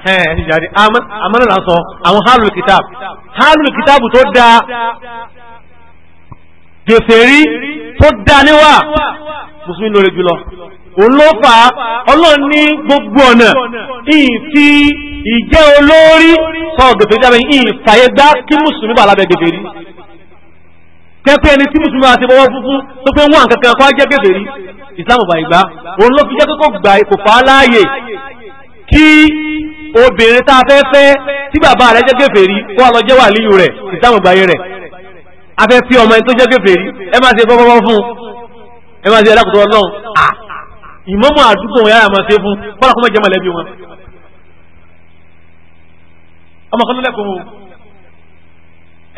[SPEAKER 1] ẹ̀hẹ́n àmọ́nà là ń sọ àwọn hálùlù kìtàbù hálùlù kìtàbù tó dáa gèfèrí tó dáa níwà mùsùlùmí lórí jùlọ òun ló fà á ní gbogbo ọ̀nà ìfi ìjẹ́ olórí sọ̀rọ̀ gẹ̀fẹ̀rí jábẹ̀ yìí fàyẹ́gbá kí mùsùlùmí bà lábẹ́ gẹ̀fẹ̀rí kẹ́kẹ́ ẹni tí mùsùlùmí àti bọ́wọ́ fúnfún tó pé wọ́n kankan kọ́ jẹ́ gẹ̀fẹ̀rí ìsìlámù bà ìgbà òun ló fi jẹ́ kókó gbà kò fà á láàyè kí obìnrin tá a fẹ́ fẹ́ tí bàbá rẹ̀ jẹ́ gẹ̀fẹ̀rí kó àlọ́ jẹ́ wàlíyù rẹ̀ ìsìlámù bà yẹn rẹ̀ afẹ́ fi ọmọ ẹni tó jẹ́ gẹ̀fẹ̀rí ẹ máa ṣe bọ́bọ́ fún ẹ máa ṣe ẹlẹ́kùtọ̀ ọlọ́run ah! ìmọ̀mọ̀ àdúgbò wọn yára máa ọmọ kan tó lẹ́kọ̀ọ́ o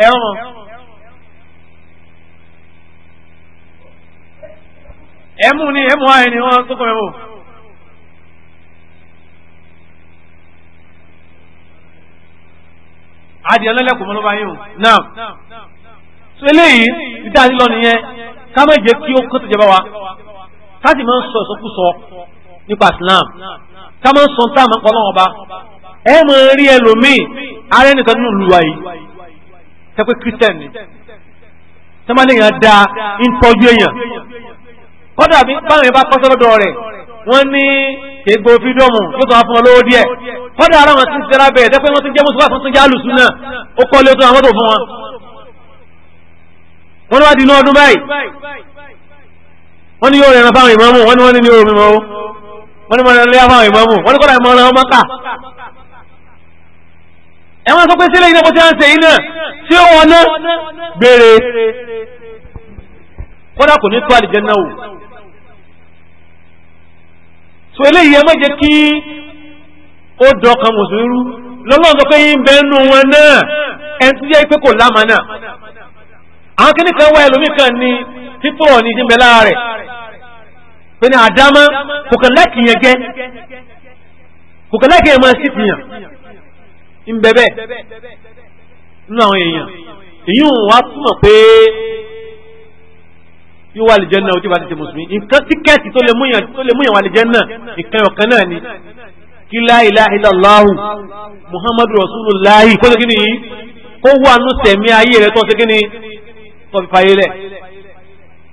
[SPEAKER 2] ẹ̀rọ ẹ̀mú ni ẹ̀mú ayé ni wọ́n tó kọ́ ẹ̀mú.
[SPEAKER 1] adìẹ lẹ́lẹ́kọ̀ọ́ mọ́ ló bá yín o náà so eléyìí ìdá lílọ nìyẹn ká má jẹ́ kí ó kó tó jẹba wa ká sì máa ń sọ ìsọkúsọ nípa Islam ká máa ń sọ táwọn ọmọ ọlọ́wọ́n ba ẹ mọ̀ rí ẹlòmíì ara ẹnìkan nínú ìlú wa yìí tẹ́pẹ́ christian ni tẹ́mọ́lẹ́ yẹn da ń tọ́jú èèyàn kọ́dà bí báwọn yẹn bá kọ́ sọ́dọ̀ rẹ̀ wọ́n ní kéègbò fídọ́mù yóò tó wá fún wọn lówó díẹ̀ kọ́dà ara wọn ti ń sẹ́ra bẹ̀rẹ̀ tẹ́pẹ́ wọn ti jẹ́ mùsùlùmí àtúntún jẹ́ àlùsùn náà ó kọ́ lé tó àwọn tó fún wọn wọ́n ní wá di inú ọdún báyìí wọ́n ní yóò rẹ̀ràn fáwọn ìmọ̀ọ́mù wọ́n ní wọ́n ní ní omi mọ́wó wọ́n ní ní kọ́dà ẹwọ́n sọ pé sílẹ̀ iná bó ti ń ṣe iná tí ó wọná béèrè kódà kò ní tó àlìjẹ́nà wò so eléyìí ẹ má jẹ́ kí ó dọkàn mùsùlùmí rú lọ́lọ́run sọ pé yín bẹ́ẹ̀ nù wọn náà ẹni tí jẹ́ pé kò lámà náà àwọn kìnnì kan wá ẹlòmíì kan ní pípọ̀ ní ti bẹ̀lá rẹ̀ pé ní àdámá kò kàn láìkì yẹn gẹ́ kò kàn láìkì yẹn máa sí tìyàn ń bẹ bẹ́ẹ̀ nínú àwọn èèyàn èyí ò wá túmọ̀ pé yóò wà lìjẹ́ náà ojú bá ti ṣe mùsùlùmí nǹkan tíkẹ́ẹ̀tì tó lè múyàn wà lìjẹ́ náà nǹkan ọ̀kan náà ni kí la ilaha illallahu muhammadu rasulullahi kó ṣe kí ni yìí kó wà nù sẹ̀mí ayé rẹ̀ tó ṣe kí ni tó fi fàyè rẹ̀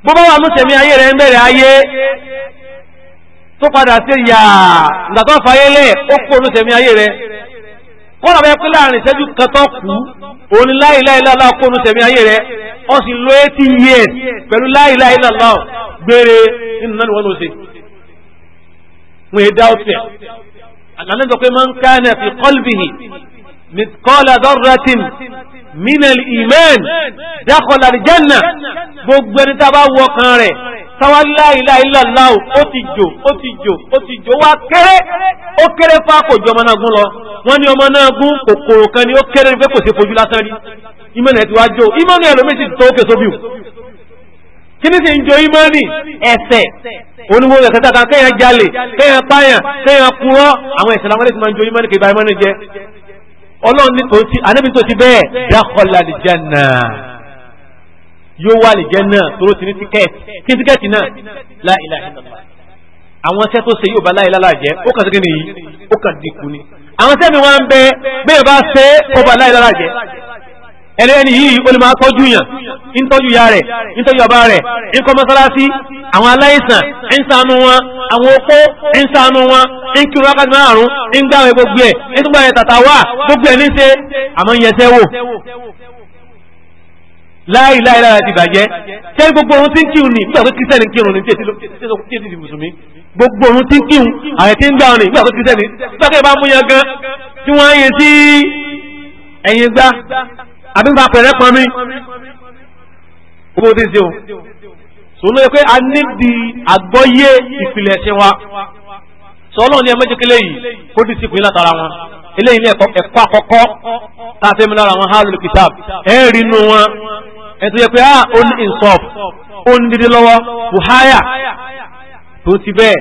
[SPEAKER 1] bó bá wà nù sẹ̀mí ayé rẹ̀ ń bẹ̀rẹ̀ ayé tó padà sí yàá ìgbà tó fàyè rẹ̀ ó kó nù sẹ̀mí ayé rẹ̀ kọ́nà bẹ́ẹ̀ pé láàrin ìṣẹ́jú kan tó kú òní láìláìláìlá kónú tẹ̀mí ayé rẹ̀ ó sì lo eighty years pẹ̀lú láìláìláìlá gbére nínú náà ni wọ́n lọ sí. wọ́n èdè ọ̀tẹ̀ àlànà sọ pé man kana fi qalbihi mithqala dharratin min al-iman
[SPEAKER 2] dakhala al-janna
[SPEAKER 1] gbogbo ẹni tá a bá wọ kan rẹ̀ táwa láìláìláìláò ó ti jò ó ti jò ó ti jò wá kéré ó kéré fá kò ju ọmọ náà gún lọ wọ́n ní ọmọ náà gún kòkòrò kan ni ó kéré pé kò sí fojú lásán rí ìmọ̀nà ẹ̀tì wá jò ìmọ̀nà ẹ̀lómi sì tó òkè sóbì kí ni sì ń jo ìmọ̀nì ẹ̀sẹ̀ oníwo ẹ̀sẹ̀ tàkà kéèyàn jalè kéèyàn pààyàn kéèyàn kúrọ́ àwọn ẹ̀sẹ̀ làwọn ẹ̀sẹ̀ máa ń jo ìmọ̀nì kì ọlọ́run ní tòun ti ànábi tó ti bẹ́ẹ̀ dákọ̀ọ́lá lè jẹ́ náà yóò wà lè jẹ́ náà tóró ti ní tíkẹ́ẹ̀tì kí tíkẹ́ẹ̀tì náà la ilaha illallah àwọn iṣẹ́ tó ṣe yóò bá láyé lálàá jẹ́ ó kàn sí kí nìyí ó kàn dínkù ni àwọn iṣẹ́ mi wá ń bẹ bẹ́ẹ̀ bá ṣe ó bá láyé lálàá jẹ́ ẹni ẹni yìí ó lè máa tọ́jú yàn ń tọ́jú ya rẹ̀ ń tọ́jú ọba rẹ̀ ń kọ́ mọ́sálásí àwọn aláìsàn ń ṣàánú wọn àwọn opó ń ṣàánú wọn ń kí wọn kájú márùn ń gbàwẹ̀ gbogbo ẹ̀ ń tún gbàwẹ̀ tàtà wà gbogbo ẹ̀ ní ṣe àmọ́ ń yẹsẹ́ wò láìláì lára ti bàjẹ́ ṣé gbogbo ohun tí ń kírun ní nígbà tó kírísẹ́nì kírun ní tí èsì ti mùsùlùmí gbogbo ohun tí ń kírun àwọn tí ń gbà ọ̀nà nígbà tó kírísẹ́nì nígbà tó bá mú yan gan tí wọ́n á yẹ sí ẹ̀yìn gbá àbí nípa pẹ̀rẹ́ pọn mi owó tí ń ṣe o sòun ló yẹ pé a níbi àgbọ́yé ìpìlẹ̀ ẹ̀sìn wa sọlọ́ọ̀ ní ẹ méjì kílẹ̀ yìí kó dì sí ìpín látara wọn eléyìí ní ẹ̀kọ́ àkọ́kọ́ tá a fẹ́ mi lára wọn hálùkìtàb ẹ̀ẹ́rì inú wọn ẹ̀tọ́ yẹ pé ah ó ní insof ó ní dídí lọ́wọ́ kò háyà tó ti bẹ́ẹ̀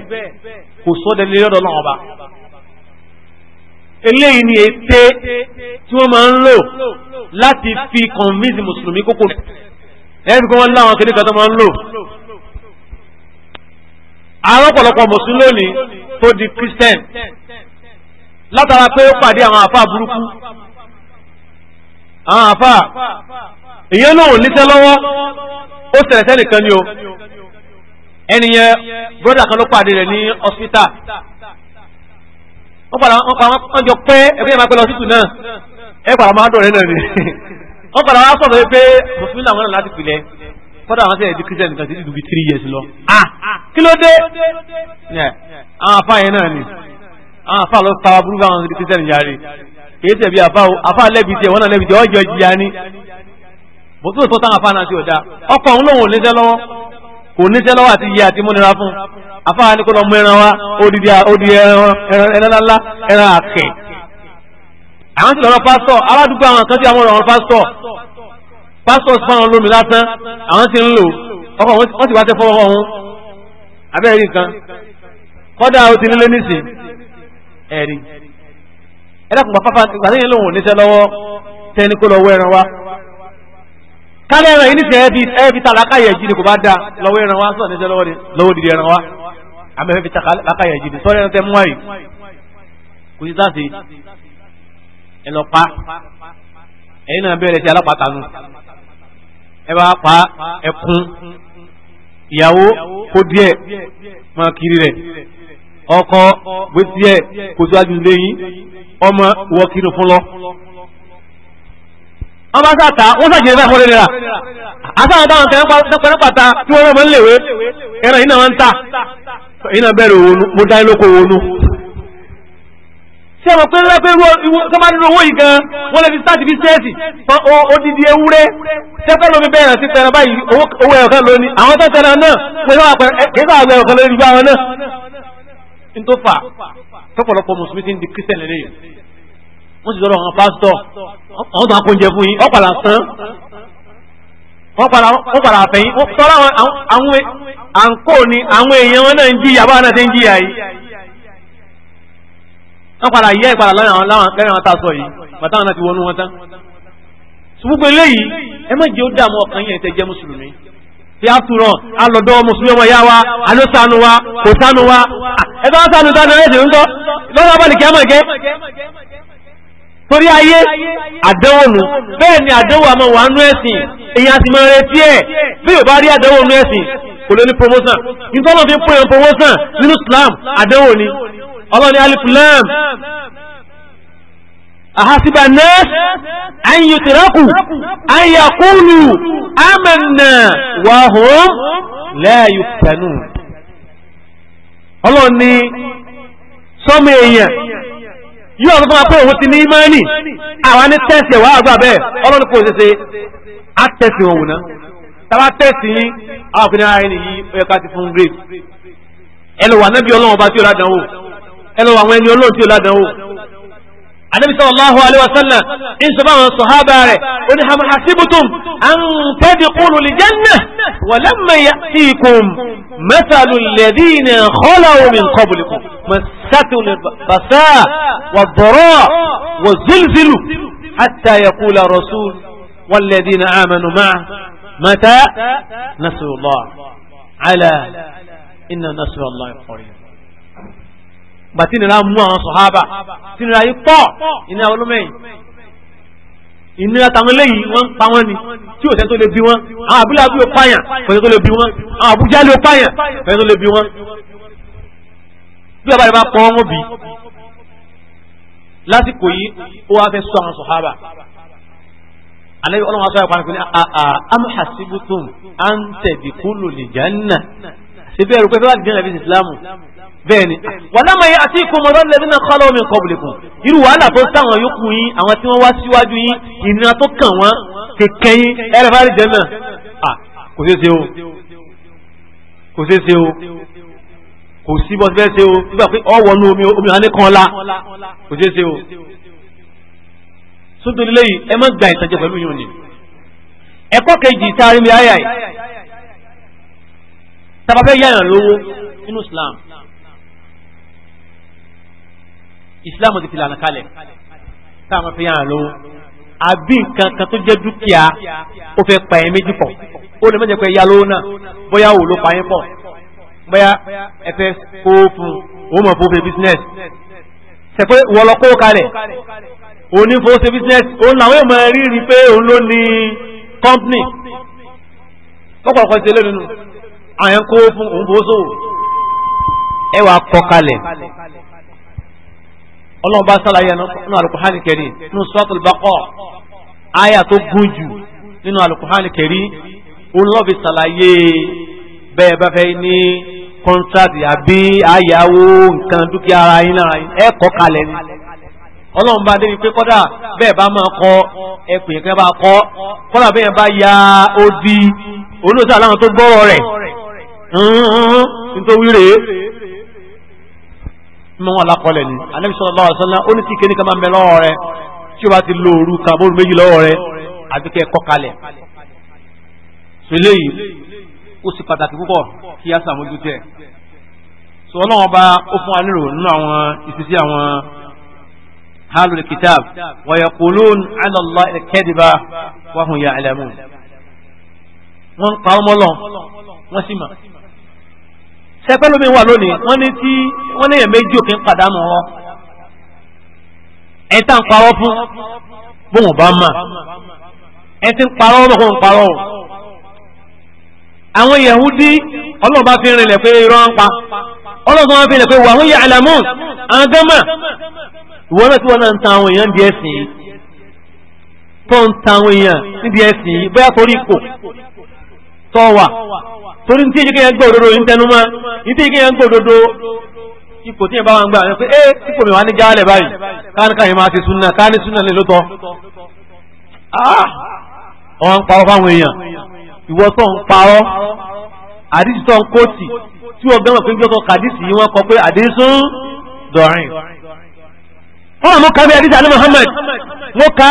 [SPEAKER 1] kò sọ dẹni lọ́dọ̀ náà ọba eléyìí ni ète tí wọ́n máa ń lò láti fi convince mùsùlùmí kókò ẹ̀rí kí wọ́n láwọn kéde kan tó máa ń lò àwọn mùsùlùmí lónìí tó di christian látara pé ó pàdé àwọn àfa burúkú àwọn àfa èyàn náà ò níṣẹ́ lọ́wọ́ ó ṣẹlẹ̀ sẹ́nìkan ni o ẹnìyẹn broda kan ló pàdé rẹ̀ ní hospital wọ́n padà wọ́n padà wọ́n jọ pé ẹgbẹ́ yẹn máa pẹ́ lọ hospital náà ẹ padà máa dọ̀rẹ́ náà ni wọ́n padà wá sọ̀rọ̀ pé mùsùlùmí làwọn náà láti pìlẹ̀ kọ́dà àwọn sẹ́yìn di christian nìkan sí ti dùbí three years lọ. kí ló dé àwọn afa yẹn náà ni àwọn afa ló pa burúkú àwọn christian yàrá kì í ṣe bí afa o afa lẹ́bi tiẹ̀ wọ́n náà lẹ́bi tiẹ̀ wọ́n jọ jìyà ni bó tó sọ́tàn àfáàná tí ò dá ọkọ̀ òun lòun ò níṣẹ́ lọ́wọ́ kò níṣẹ́ lọ́wọ́ àti iye àti múnira fún àfáà ní kó lọ mú ẹran wá odi ẹran ńlá ẹran àkè àwọn tí lọ́rọ̀ pásítọ̀ aládùúgbò àwọn kan tí àwọn ọ̀rọ̀ pásítọ̀ pásítọ̀ sí fáwọn lómi lásán àwọn tí ń lò ọkọ̀ wọ́n sì wá tẹ́ fọwọ́ ọ̀hún abẹ́rẹ́ nǹkan kọ́dà ó ti nílé nísìn ẹ̀rí ẹ̀dàkùn pàpàpà ìgbà lẹ́yìn lòun ò níṣẹ́ lọ́wọ́ tẹ́ni kó lọ wọ ẹran wá kálẹ̀ ẹran yìí ní sẹ́ẹ̀bì ẹ̀ẹ́bì lákàyè jí ni kò bá da lọ́wọ́ ẹran wa sọ̀rọ̀ níṣẹ́ lọ́wọ́ dídí ẹran wa àmì ẹ̀ẹ́bì ta lákàyè jí ni sọ́rọ̀ ẹran tẹ́ mú wáyé kò sí sáàsì ẹ lọ pa ẹ̀yin náà bẹ̀rẹ̀ sí alápàtà nu ẹ bá pa ẹkún
[SPEAKER 2] ìyàwó kó díẹ̀
[SPEAKER 1] máa kiri rẹ̀ ọkọ gbé díẹ̀ kó tó ajú lẹ́yìn ọmọ wọ́kiri fún lọ wọ́n bá sáà ta wọ́n sáà jẹ́ fẹ́ fọ́lẹ́ nira àtàwọn táwọn tẹ́pẹ́rẹ́ pàtà tí wọ́n rẹ̀mọ́ nílèwé ẹran iná wọn ń ta iná bẹ̀rẹ̀ òwònú mo dá ilé oko òwònú. ṣé ọmọ pé lẹ́pẹ́ sọ́mádé owó yìí gan wọ́n lè fi sáà ti fi ṣẹ́ẹ̀sì odidi ewúrẹ́ tẹ́pẹ́ lómi bẹ̀rẹ̀ sí tẹ̀rẹ̀ báyìí owó ẹ̀yọ̀kan lónìí àwọn tó tẹ̀rẹ̀ náà pé wọ́n àpẹẹrẹ kì í wọ́n sì sọ̀rọ̀ àwọn pásítọ̀ àwọn tó àkóúnjẹ fún yín wọ́n sán wọ́n àfẹ́yìn wọ́n àwọn àǹkó ni àwọn èèyàn wọn náà ń jìyà báwọn náà ti ń yìí wọ́n padà yẹ ìpadà ya àwọn tásọ yìí bàtà wọn náà ti wọnú wọn tán ṣùgbọ́n eléyìí ẹ má jẹ́ ó dààmú ọkàn yẹn tẹ́ jẹ́ mùsùlùmí mùsùlùmí ọmọ wa aló wa kò wa ẹ
[SPEAKER 2] bá
[SPEAKER 1] torí ayé àdánwò nù bẹ́ẹ̀ ni àdánwò àmọ́ wà nú ẹ̀sìn èyàn sì máa retí ẹ̀ bí yóò bá rí àdánwò nú ẹ̀sìn kò lè ní promotion nítorí fi ń pè yàn promotion nínú Islam àdánwò ni ọlọ́ni alifulam ahasiba nas an yutraku an yaqulu amanna wa hum la yuftanun ọlọ́ni sọ́mọ èèyàn yóò sọ fún wa pé òun ti ní ìmánì
[SPEAKER 2] àwa ní tẹ́sì ẹ̀wà àgbà bẹ́ẹ̀
[SPEAKER 1] ọlọ́run kò ṣe ṣe á tẹ́sì wọn wùnà tábà tẹ́sì yín àwọn òfin ara ẹni yìí ó yẹ ká ti fún grave ẹ lọ wà nábì ọlọ́run ọba tí ó ládàánwò ẹ lọ àwọn ẹni ọlọ́run tí ó ládàánwò anabi sallallahu alaihi wasallam in sọ báwọn sọhábà rẹ ó ní hama hasibutum an tadkhulu li janna wa lamma ya'tikum mathalu alladhina khalaw min qablikum تأتوا البساء والضراء والزلزل حتى يقول الرسول والذين آمنوا معه متى نصر الله على إن نصر الله قريب gbà tí nira mú àwọn sọ̀hábà tí nira yìí pọ̀ iná olómẹ́yìn ìnira táwọn eléyìí wọ́n ń pa wọ́n ni tí ò sẹ́ni tó lè bí wọ́n àwọn abúlé abúlé pààyàn kò sẹ́ni tó lè bí wọ́n àwọn abújá lè pààyàn kò sẹ́ni tó lè bí wọ́n tí bàbá rẹ̀ bá pọ́n wọn bí lásìkò yìí ó wá fẹ́ sọ àwọn sọ̀hábà anabi ọlọ́run aṣọ àpàrọ̀ pé am hasibutum an tadkhulu ljanna síbẹ̀ rẹ̀ pé bẹ́ẹ̀ wà jẹ́nà bí ìsìlámù bẹ́ẹ̀ ni wà lámà yẹ àti ikú mọ̀rọ̀ lẹ́bí náà kọ́ lọ́wọ́ mi kọ́ bùlẹ̀kùn irú wàhálà tó sáwọn yòókù yín àwọn tí wọ́n wá síwájú yín ìnira tó kàn wọ́n kékeré yín ẹ̀rẹ̀ bá rí jẹ́nà kò ṣeé ṣe o kò ṣeé ṣe o kò sí bọ́sí bẹ́ẹ̀ ṣe o nígbà pé ọ̀wọ́ nu omi omi hàn kan la kò ṣeé ṣe o sótò nílé yìí ẹ má gba ìtajà pẹ̀lú yìí òní ẹ̀kọ́ kejì tá a rí mi ayà yìí tàbá fẹ́ yáyàn lówó nínú Islam Islam ti fi lànà kalẹ̀ tá a máa fi yáyàn lówó àbí nǹkan kan tó jẹ́ dúkìá ó fẹ́ pa ẹ̀mí jù pọ̀ ó lè má jẹ́ pé yá lówó náà bóyá òun ló pa yín pọ̀ bóyá ẹ fẹ́ kó fún òun mọ̀ fún business ṣe pé wọ́n lọ kó kalẹ̀ òní fún ṣe business òun làwọn èèmọ̀ rí rí pé òun ló ní company lọ́pọ̀lọpọ̀ ṣe lónìí nù àyàn kó fún òun fún sòwò ẹ wàá kọ kalẹ̀ ọlọ́run bá sálàyé nínú alukuhani kẹrí nínú suratul baqara àyà tó gùn jù nínú alukuhani kẹrí òun lọ́ọ́ fi sàlàyé bẹ́ẹ̀ bá fẹ́ ní kọ́ńtrátì àbí àyàwó nǹkan dúkìá ara yín lára yín ẹ kọ́ kalẹ̀ ni ọlọ́run bá débi pé kọ́dà bẹ́ẹ̀ bá máa kọ ẹ̀pìn kẹ́ bá kọ́ kọ́dà bẹ́ẹ̀ bá ya odi olóòtú aláwọn tó gbọ́rọ̀ rẹ̀ nítorí rèé mímọ́ wọn lákọlẹ̀ ni Ànábì sallallahu alaihi wasallam ó ní tí kéde kan máa ń bẹ lọ́wọ́ rẹ̀ tí o bá ti lo òru kan bóru méjì lọ́wọ́ rẹ̀ àti kẹ́ kọ́ kalẹ̀ sílẹ̀ ó sì pàtàkì púpọ̀ kí a sàmójú tẹ̀. sọ ọlọ́wọ́n bá ó fún wa nírò nínú àwọn ìṣesí àwọn halul kitab wa yaqulun ala Allah al-kadhiba wa hum ya'lamun. wọ́n ń pa ọmọ lọ wọ́n sì mọ̀. sẹ́pẹ́ lómi wà lónìí wọ́n ní tí wọ́n léèyàn méjì òkè ń pàdánù wọn. ẹ̀ tá ń parọ́ fún bóun bá mà ẹ̀ ti ń parọ́ ọmọ kò ń parọ́ o. àwọn yahudi ọlọ́run bá fi rinlẹ̀ pé irọ́ ń pa ọlọ́run fi rinlẹ̀ pé wà hún yà àlàmùn àwọn gánmà tí wọ́n ta àwọn èèyàn níbi ẹ̀sìn tó ń ta àwọn èèyàn níbi ẹ̀sìn bóyá torí ipò tó wà torí ní tí gbọ́ òdodo yìí ń tẹnu mọ́ ní tí gbọ́ òdodo ipò tí ìwọ tó ń parọ́ àdìsí tó ń kóòtì tí wọ́n gbẹ́mọ̀ pé gbẹ́kọ̀ kàdìsí yìí wọ́n kọ pé àdìsún dọ̀rin. wọ́n mú kábí àdìsí alẹ́ Muhammad mú ká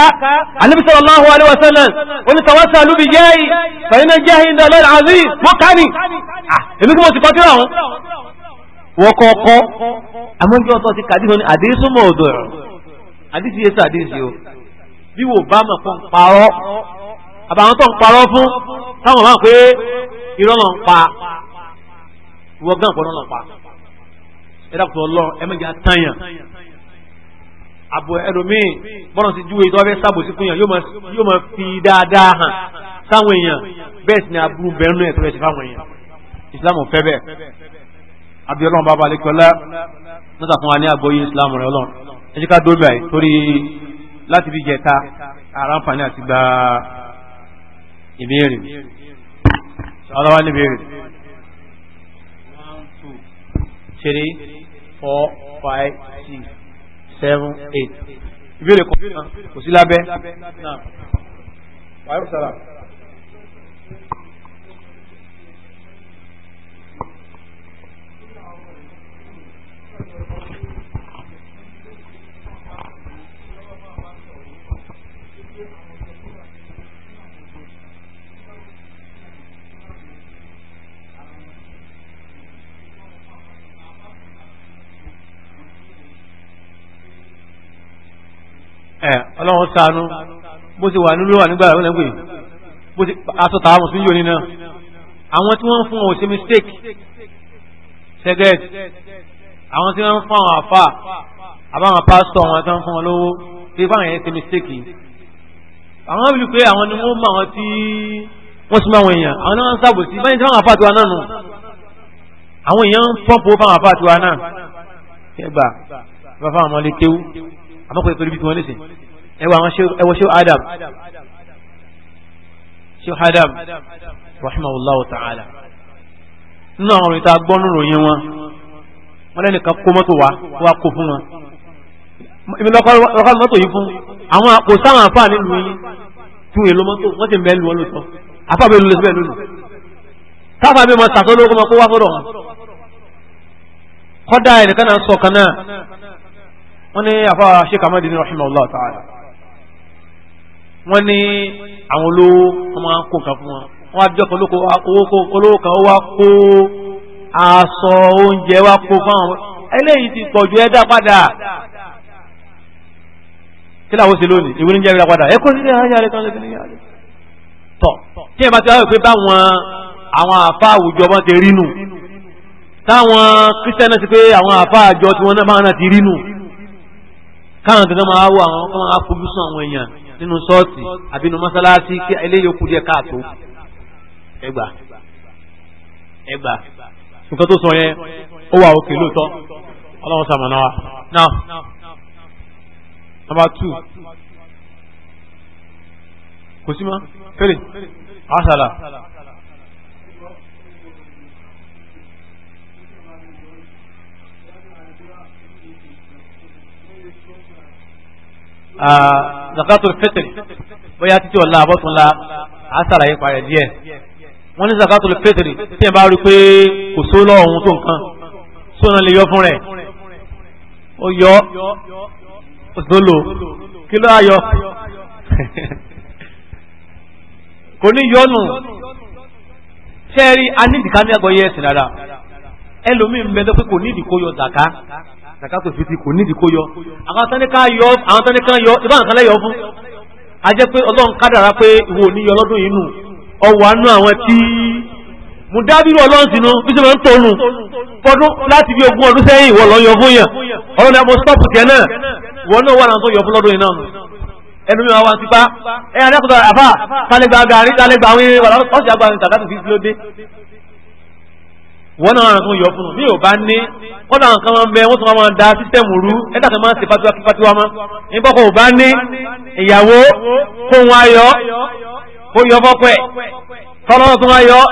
[SPEAKER 1] Ànábì sallallahu alaihi wasallam onítọ̀wọ́sà lóbi jẹ́yì
[SPEAKER 2] fẹ̀yìnà jẹ́yì ndọ̀lẹ́ àzí mú ká ní.
[SPEAKER 1] èmi kí mo ti kọjú àwọn. wọ́n kọ́ kọ́ amójú ọ̀tọ̀ ti kàdìsí wọn àdìsún mọ̀ ọ̀dọ̀ àdìsí yẹsọ àdìsí o bí wò bá mọ̀ fún parọ́ àbàwọn tó ń parọ́ fún táwọn máa pé irọ́ ń pa ìwọ gán pọ̀ lọ pa ẹ dàpọ̀ lọ ẹ mẹ́jẹ àtàyàn àbọ̀ ẹlòmíì bọ́nà ti júwe tó fẹ́ sábò sí fún yàn yóò máa fi dáadáa hàn sáwọn èèyàn bẹ́ẹ̀ sì ni aburú bẹ́ẹ̀nu ẹ̀ tó fẹ́ sí fáwọn èèyàn ìsìlámù fẹ́ bẹ́ẹ̀ abiyọ́lọ́n bàbá alẹ́kọ́lá nọ́tà fún wa ní àgbọ́yé ìsìlámù rẹ̀ ọlọ́run ẹ ká dóbi àì torí láti fi jẹta àràǹfààní àti gba ìbéèrè
[SPEAKER 2] ọ̀rọ̀ wá níbi rẹ̀ 1
[SPEAKER 1] 2 3 4 5 6 7 8 ìbéèrè kọ̀ọ̀kan kò sí lábẹ́ náà wàhálà ẹ ọlọ́run sànú bó ti wà nílò wà nígbà lẹ́gbẹ̀ẹ́ bó ti aṣọ tàwa mùsùlùmí yóò nínú àwọn tí wọ́n ń fún wọn ò ṣe mistake seged àwọn tí wọ́n ń fún àwọn àfà àbáwọn pásítọ̀ wọn tí wọ́n ń fún wọn lówó tí fún àwọn yẹn ṣe mistake yìí àwọn wíwí pé àwọn ni wọ́n mọ àwọn tí wọ́n súnmọ́ àwọn èèyàn àwọn náà ń sábò sí báyìí tí wọ́n àfà tiwa náà nù àwọn èèyàn ń pọ́ǹpù fáwọn àfà tiwa náà ẹgbà bá fáwọn ọmọlé kéwú àmọ́ kò ìpèrè bí tiwọn nísìn ẹwọ àwọn ẹwọ ṣé adam ṣé adam rahimahullahu ta'ala nínú àwọn òrìta gbọ́nù ròyìn wọn wọn lẹ́nu kan kó mọ́tò wá wá kó fún wọn ibi lọ́kọ́ mọ́tò yìí fún àwọn kò sáwọn àfáà nínú yín tún èlò mọ́tò wọ́n ti ń bẹ́ẹ̀ lu wọn lóòótọ́ àfáà bẹ́ẹ̀ lu lọ́sibẹ̀ lónìí káfà mi mọ sàtọ́ lóko mọ kó wá fọ́dọ̀ wọn kọ́dà ẹnìkan náà sọ kan náà wọ́n ní àfáà Sheikh Ahmad rahimahullah ta'ala wọ́n ní àwọn olówó wọ́n máa ń kó nǹkan fún wọn wọ́n á jọ́kan olóko olówó kan ó wá kó aṣọ oúnjẹ wá kó fáwọn eléyìí ti pọ̀jù ẹ dá padà kí làwọn ṣe lónìí ìwé ní jẹ́rìí padà ẹ kó sí ẹ̀yà rẹ̀ kan lẹ́sìn ìyá rẹ̀ tọ̀ kí ẹ bá ti wáyọ̀ pé báwọn àwọn àfa àwùjọ wọn ti rí nù táwọn kírísítẹ́nì ti pé àwọn àfa àjọ tiwọn náà máa náà ti rí nù káwọn kankan máa wọ àwọn kan máa fojú sún àwọn èèyàn nínú ṣọ́ọ̀ṣì àbí nínú mọ́sálásí kí eléyìí ó kú díẹ̀ káàtó ẹgbà ẹgbà nǹkan tó sọ yẹn ó wà òkè lóòótọ́ ọlọ́run sàmànà wa now number two kò sí ma fèrè àṣàlà. Ah, zakatul fitr bóyá títí ọ̀la àbọ̀túnla àṣàrà yìí parẹ̀ díẹ̀ wọ́n ní zakatul fitr tí ẹ̀ bá rí pé kò só lọ ohun tó nǹkan sóná lè yọ fún rẹ̀ ó yọ òsòlò kí ló á yọ kò ní yọnu tẹ́ẹ̀rí anídìí ká ní àgbọ̀yé ẹ̀sìn dáadáa ẹlòmíín bẹ́ẹ̀ lọ kò nídìí kó yọ zaka zakato fiti kò nídìí kó yọ àwọn tánìká yọ àwọn tánìká yọ ibà nǹkan lẹ́yọ fún a jẹ́ pé ọlọ́run kádàrá pé ìwọ ò ní yọ lọ́dún yìí nù ọwọ́ àánú àwọn tí mo dábìrú ọlọ́run sínú bí sọ ma ń tọrùn fọdún láti bí ogún ọdún sẹ́yìn ìwọ lọ́ọ́ yọ fún yàn ọlọ́run ni a mọ stọ́ọ̀pù tẹ̀ náà ìwọ náà wà láǹtó yọ fún lọ́dún yìí náà ẹnu mi wá sípá ẹ adékòtò àfà tálẹ́gbà gàrí tálẹ́gbà àwọn èèyàn ọ̀sẹ̀ àgbà ní tàkàtù fi lóde wọn náà wà láǹtó yọ fún un mi ò bá ní kọ́dà àwọn kan máa ń bẹ wọ́n tún máa ń da sísẹ́mù rú ẹ̀dá kan máa ń ṣe fatiwa kí fatiwa mọ́ nígbàkọ̀ ò bá ní ìyàwó kóhun ayọ̀ kó yọ fọ́kọ ẹ̀ kọ́lọ́ tún ayọ̀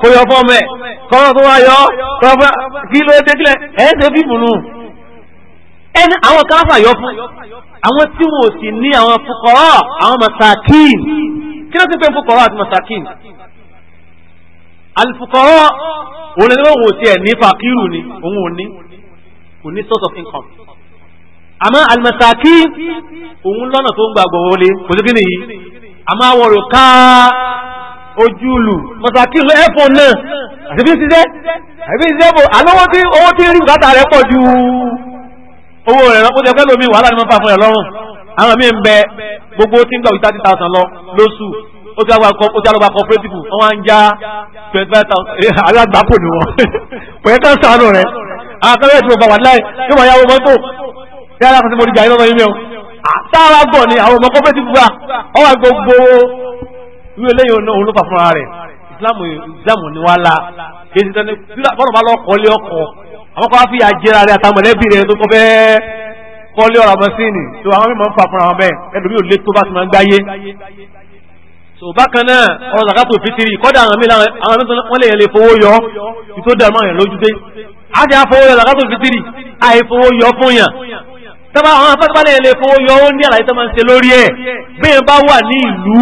[SPEAKER 1] kó yọ fọ́mọ ẹ̀ kọ́lọ́ tún ayọ̀ kọ́lọ́ kí ló dé kílẹ̀ ẹ̀ ń ṣe fíìmù nù. ẹni àwọn kan fà yọ fún àwọn tí wọn ò sì ní àwọn fukọrọ àwọn masakin kí ló ti pé fukọrọ àti masakin alifukọ́rọ́ òun lè ní òun ò tiẹ̀ ní fàkírù ni òun ò kò ní source of income àmọ́ alimasaki òun lọ́nà tó ń gbà gbọ̀ wọlé kò sí kí nìyí àmọ́ àwọn ọ̀rọ̀ ká ojú lù masaki lọ ẹ̀fọ́ náà àti bí ṣiṣẹ́ àbí ṣiṣẹ́ bò alówó tí owó tí ń rí bùkátà rẹ̀ pọ̀ ju owó rẹ̀ lọ kó jẹ́ pẹ́ wàhálà ni mo fà fún ẹ̀ lọ́rùn àwọn míì ń bẹ gbogbo tí ń gbà wí thirty lọ lóṣù ó ti alọ́gbà cooperative wọ́n wá ń já twenty five thousand eh, alágbàpọ̀ ni wọ́n kò yẹ ká sànù rẹ̀ àkàrà ìdúró bàbá láì yóò máa yáwó mọ́tò yá alákan tí mo di jà iná lọ́yìn mi o sára bọ̀ ni àwọn ọmọ cooperative wa ọwọ́ gbogbo irú eléyìí òun ló fà fúnra rẹ̀ Islam Islam ni wàá la èsì tẹ́ni bọ́lá bá lọ kọ́lé ọkọ̀ àwọn kan á fi àjẹrà rẹ̀ àtàmọ̀lẹ́bí rẹ̀ tó kọ́ fẹ́ẹ́ kọ́lé ọ̀rọ̀ àbọ̀sí ni tó àwọn mímọ̀ ń fa fúnra wọn bẹ́ẹ̀ ẹlòmíì ò lé tó bá ti máa ń gbáyé so bákan náà ọ̀rọ̀ zakato fitiri kọ́dà àwọn mílá àwọn mẹ́tọ́ wọ́n lè lè fowó yọ tí tó dàmọ́ yẹn lójú dé a ti àfowó yọ zakato fitiri àìfowó yọ fún yàn tọ́ba àwọn afẹ́tọ́ba lè lè fowó yọ ó ní àlàyé tó máa ń ṣe lórí ẹ̀ bẹ́ẹ̀ bá wà ní ìlú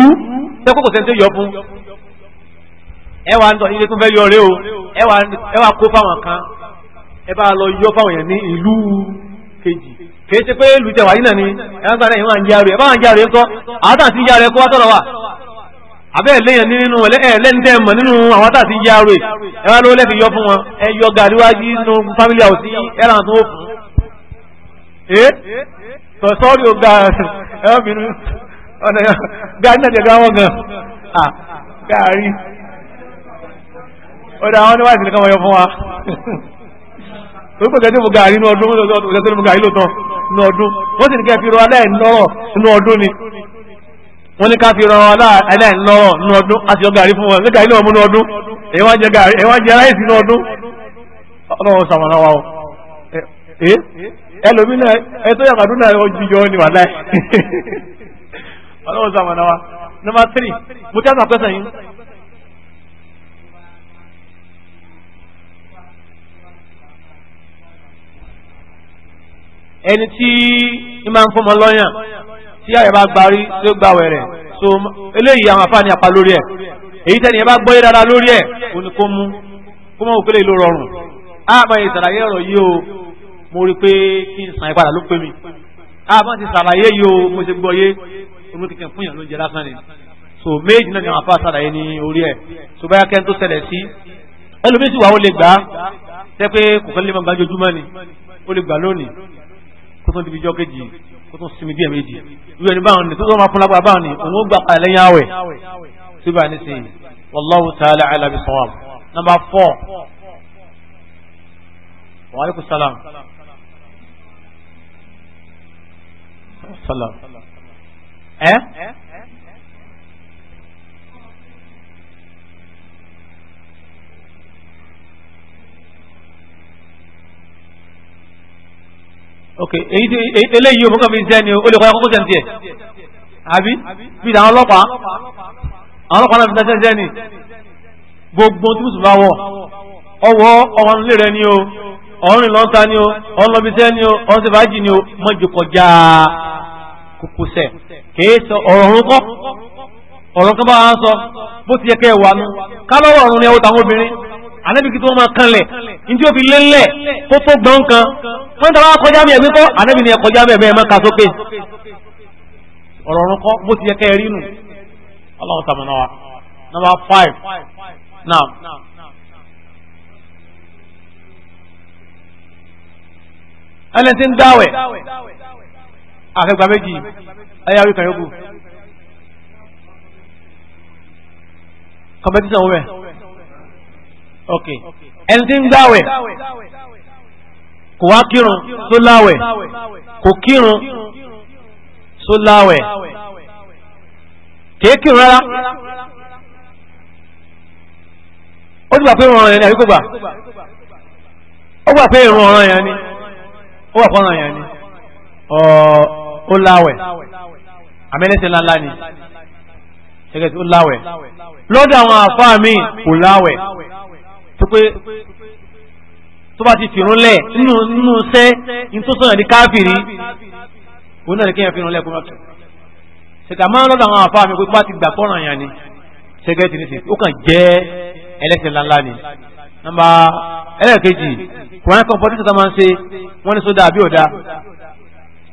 [SPEAKER 1] tẹ́kọ̀ kò sẹ́ni tó yọ fún ẹ wà ń tọ́ ilé tó fẹ́ yọ rẹ o ẹ wà kó fáwọn kan ẹ bá lọ yọ fáwọn yẹn ní ìlú kejì kìí ṣe pé lùjẹ̀wá yìí náà ni ẹ àbẹ́ ẹ̀lẹ́yàn nínú ẹ̀lẹ́ntẹ́ mọ̀ nínú àwọn àtàtí yá rẹ̀ ẹwà ló lẹ́fi yọ fún wọn ẹyọ gàríwájú nínú family house ẹ̀rà tó fún ẹ́ sọ̀sọ́rí o gàrí gàrí náà jẹ́gá wọ́n gan gàrí ọ̀dà àwọn oníwà ìsìnkà wọ́n yọ fún wa tó gbẹ̀gẹ́ tí mo gàrí nínú ọdún mo gàrí lóòótọ́ nínú ọdún wọ́n sì ní kẹ́ rọ alẹ́ ìnọ́rọ̀ nínú ọdún ni wọ́n ní ká fi ran aláìlọ́rọ̀ nú ọdún a sì yọ gàrí fún wọn ní gàrí náà mú nú ọdún èyí wọ́n jẹ gàrí èyí wọ́n jẹ ráìsì nú ọdún ọlọ́run sàmọ̀nà wa o ẹ ẹlòmí náà ẹ tó yàgbà dúnà ojújọ ni wà láì
[SPEAKER 2] ọlọ́run sàmọ̀nà wa number three mo tẹ́ àtàkọ́ sẹ́yìn.
[SPEAKER 1] ẹni tí ń máa ń lọ́yàn tí àyẹ̀ bá gbarí tí ó gbàwẹ̀ rẹ̀ so eléyìí àwọn afáàní apá lórí ẹ̀ èyí tẹ́ni ẹ bá gbọ́ yé dáadáa lórí ẹ̀ kò ní kó mú kó mọ̀ òkèlè ló rọrùn àmọ́ ìsàlàyé ọ̀rọ̀ yìí o mo rí pé kí n sàn ìpadà ló pé mi àmọ́ ti sàlàyé yìí o mo ṣe gbọ́ yé omi kìkẹ́ fún yàn ló ń jẹ lásán ni so méjì náà ni àwọn afá sàlàyé ní orí ẹ̀ so báyà kẹ́ ń tó ṣẹlẹ̀ sí ẹlòmíì wà ó lè gbà á tẹ́ pé kò fẹ́ lè kó tún sinmi díẹ̀ méjì irú ẹni báwọn ni tó tó máa fún báwọn ni òun ó gbà pa lẹ́yìn àwẹ̀ síbà ní sèyí wallahu ta'ala ala bi sawab number four wa aleykum salaam
[SPEAKER 2] ok èyí tí eléyìí òun kàn fi jẹ́ ni o lè kọjá kókó sẹ́ńtì ẹ̀
[SPEAKER 1] àbí bíi àwọn ọlọ́pàá
[SPEAKER 2] àwọn
[SPEAKER 1] ọlọ́pàá náà fi dáṣẹ́ jẹ́ ni gbogbo tí mùsùlùmí bá wọ̀ ọwọ́ ọmọ nílé rẹ ni o ọ̀rìn lọ́ta ni o ọlọ́bíṣẹ́ ni o ọ̀sẹ̀ fàájì ni o mọ́jọ kọjá kókósẹ̀ kìí sọ ọ̀rọ̀ ọ̀run kọ́ ọ̀rọ̀ kan bá wà ń sọ bó ti yẹ kẹ́ ẹ̀ wà nù kálọ́wọ́ ọ̀run ni ẹ̀wọ̀ táwọn obìnrin ànábìkí tí wọ́n máa kanlẹ̀ ní tí ó fi lélẹ̀ tó tó gbọ́n kan wọ́n tàbá kọjá mẹ́ wípọ́ ànábì ni ẹ kọjá mẹ́ mẹ́ ka sókè ọ̀rọ̀rún kọ́ bó ti yẹ kẹ́ rí nù Allahu ta'ala wa
[SPEAKER 2] number five now
[SPEAKER 1] ẹni dáwẹ̀ àfẹ́gbà méjì ẹyà ok ẹni dáwẹ̀ kò wá kírun tó láwẹ̀ kò kírun tó láwẹ̀ kìí kírun rárá ó ti gbà pé ìrun ọ̀ràn yẹn ni àbí kò gbà ó gbà pé ìrun ọ̀ràn yẹn ni ó wà fọ́nrán yẹn ó láwẹ̀ àmẹ́lẹ́sẹ̀ ńláńlá ni gẹ́gẹ́ tí ó láwẹ̀
[SPEAKER 2] lọ́dọ̀ àwọn àfáà míì kò láwẹ̀
[SPEAKER 1] tó pé tó bá ti fìrún lẹ̀ nínú nínú sẹ́ ìtòsọ̀nà di káfìrí òun náà ní kéèyàn fìrún lẹ̀ kó máa tù. ṣèkà máa ń lọ́dọ̀ àwọn àfa mi pé tó bá ti gbà fọ́ràn yàn ni ṣẹ́gẹ́ ti ní sè ó kàn jẹ́ ẹlẹ́sẹ̀ ńláńlá ni. nọ́mbà ẹlẹ́ẹ̀kejì kùránì kan pọ́tí tata máa ń se wọ́n ní sódà àbí ọ̀dà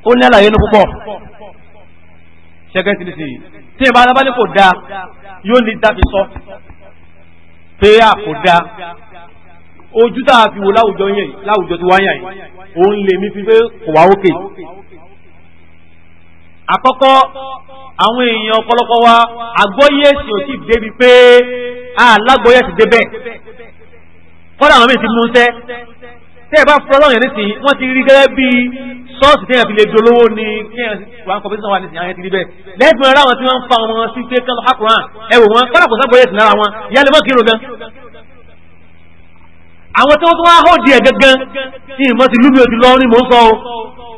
[SPEAKER 1] ó ní àlàyé inú púpọ̀ ṣẹ́gẹ́ ti ní sè tí ìbá alábálẹ̀ kò dáa yóò ní dábì sọ pé kò dáa ojú tá a fi wo láwùjọ yẹn láwùjọ ti wáyà yìí òun lè mi fi pé kò wá òkè. àkọ́kọ́ àwọn èèyàn ọ̀pọ̀lọpọ̀ wa àgbọ́yé ẹ̀sìn ò sì débi pé alágbọ́yé ẹ̀sìn débẹ̀ kọ́dà àwọn míì ti mú sẹ́ tẹ́ ẹ bá fọ́ lọ́yìn nísìnyí wọ́n ti rí gẹ́gẹ́ bí sọ́ọ̀sì téèyàn fi lè dolówó ni kéèyàn wà ń kọ̀pẹ́sì náà wà nísìnyí àwọn ti rí bẹ́ẹ̀ lẹ́gbẹ̀ẹ́ ara wọn tí wọ́n ń fa ọmọ sí pé kán lọ́kàkùnrin ẹ wò wọn kọ́dà kò àwọn tí wọ́n tún wá hó díẹ̀ gangan ní ìmọ̀ ti lúmi òtún lọ́wọ́ ní mò ń sọ o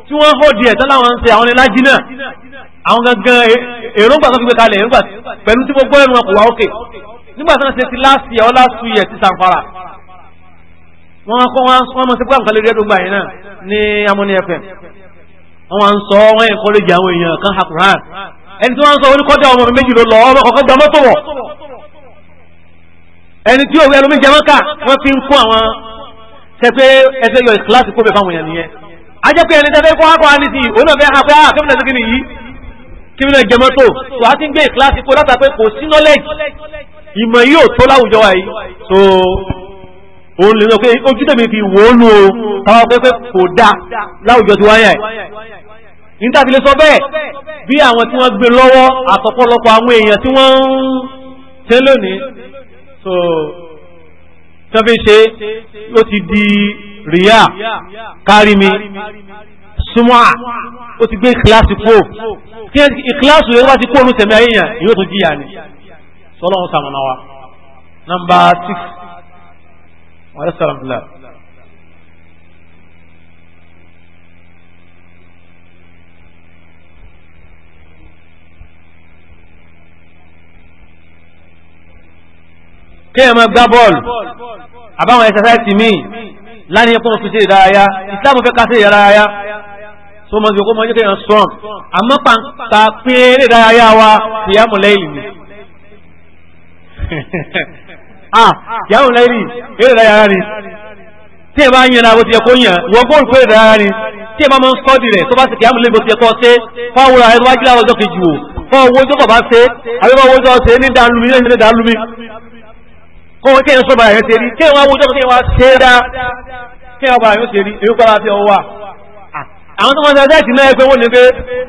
[SPEAKER 1] tí wọ́n hó díẹ̀ tán láwọn ń ṣe àwọn ẹlá jìnnà àwọn gangan e, èròǹgbà tó fi gbé kalẹ̀ èròǹgbà pẹ̀lú tí mo gbọ́ ẹnu ọkọ̀ wá òkè nígbà tí wọ́n ṣe ti láàsì ẹ̀ ọlá su yẹ̀ ti sàǹfàrà wọ́n kọ́ wọ́n mọ̀ sí pé àǹkan lè rẹ́dùn gbà yẹn náà ní amóní fm wọ́n wá ń sọ wọ́n encourage àwọn èèyàn kan hakuran ẹni tí wọ́n ń sọ oníkọ́jà ọmọ mi méjì ló lọ ọmọ kọ̀ọ̀kan gbà mọ́tò wọ̀ ẹni tí òwe ẹlòmíjẹ wọn kà wọn fi ń kó àwọn tẹpẹ ẹsẹ yọ ìkíláàsì kó bẹ fáwọn èèyàn nìyẹn ajẹ́ pé ẹni tẹ́fẹ́ kó akọ àní sí òun náà fẹ́ ha pé ah kí nìyẹn kí nìyí kí nìyẹn jẹ mọ́tò tó a ti ń gbé ìkíláàsì kó látà pé kò sí nọ́lẹ́jì ìmọ̀ yìí ò tó láwùjọ wa yìí so òun lè lọ pé ojú tèmi fi wò ó nù o káwọn pé pé kò dáa láwùjọ ti wáyà yìí níta ti lè sọ bẹ́ẹ̀ bí àwọn tí wọ́n gbé lọ́wọ́ àtọ̀pọ̀lọpọ̀ àwọn èèyàn tí wọ́n ń tẹ́lẹ̀ ní so tán fi ṣe ó ti di ríyà
[SPEAKER 2] kárí mi súnmọ́ à
[SPEAKER 1] ó ti gbé ìkíláàsì kó kí ìkíláàsì rẹ̀ wá ti kó ònú tẹ̀mí ayé yóò tó jíyà ni sọlọ́run sàmùnà wa nọmba six wàlẹ́ sàrànfìlà. kéèyàn máa gbá bọ́ọ̀lù àbáwọn ẹ̀sẹ̀sáìsì míì láni mo fi ṣe ìdárayá Islam fẹ́ ká ṣe ìdárayá tó mọ̀ sí kó mọ̀ jẹ́kẹ̀yàn strong àmọ́ pàǹkà pé eré ìdárayá wa kìyàmù lẹ́yìn ni ah kìyàmù lẹ́yìn eré ìdárayá ni tí ẹ bá yẹn náà bó ti yẹ kó yẹn wọ́n gbóòrò pé ìdárayá ni tí ẹ bá mọ́ ń sọ́ọ̀dì rẹ̀ tó bá ti kìyàmù lẹ́yìn bó ti yẹ kọ́ ṣe fáwọn ẹ̀ tó bá kọ́ kí ẹ̀ sọ́bàá rẹ̀ ṣe rí kí ẹ̀ wá wọ́jọ́ kí ẹ̀ wá ṣe dá kí ẹ̀ wá bàá yóò ṣe rí èyí pàlá tí ọ wà àwọn tó wọ́n ṣe ẹ̀sìn náà ẹgbẹ́ wọ́n ní pé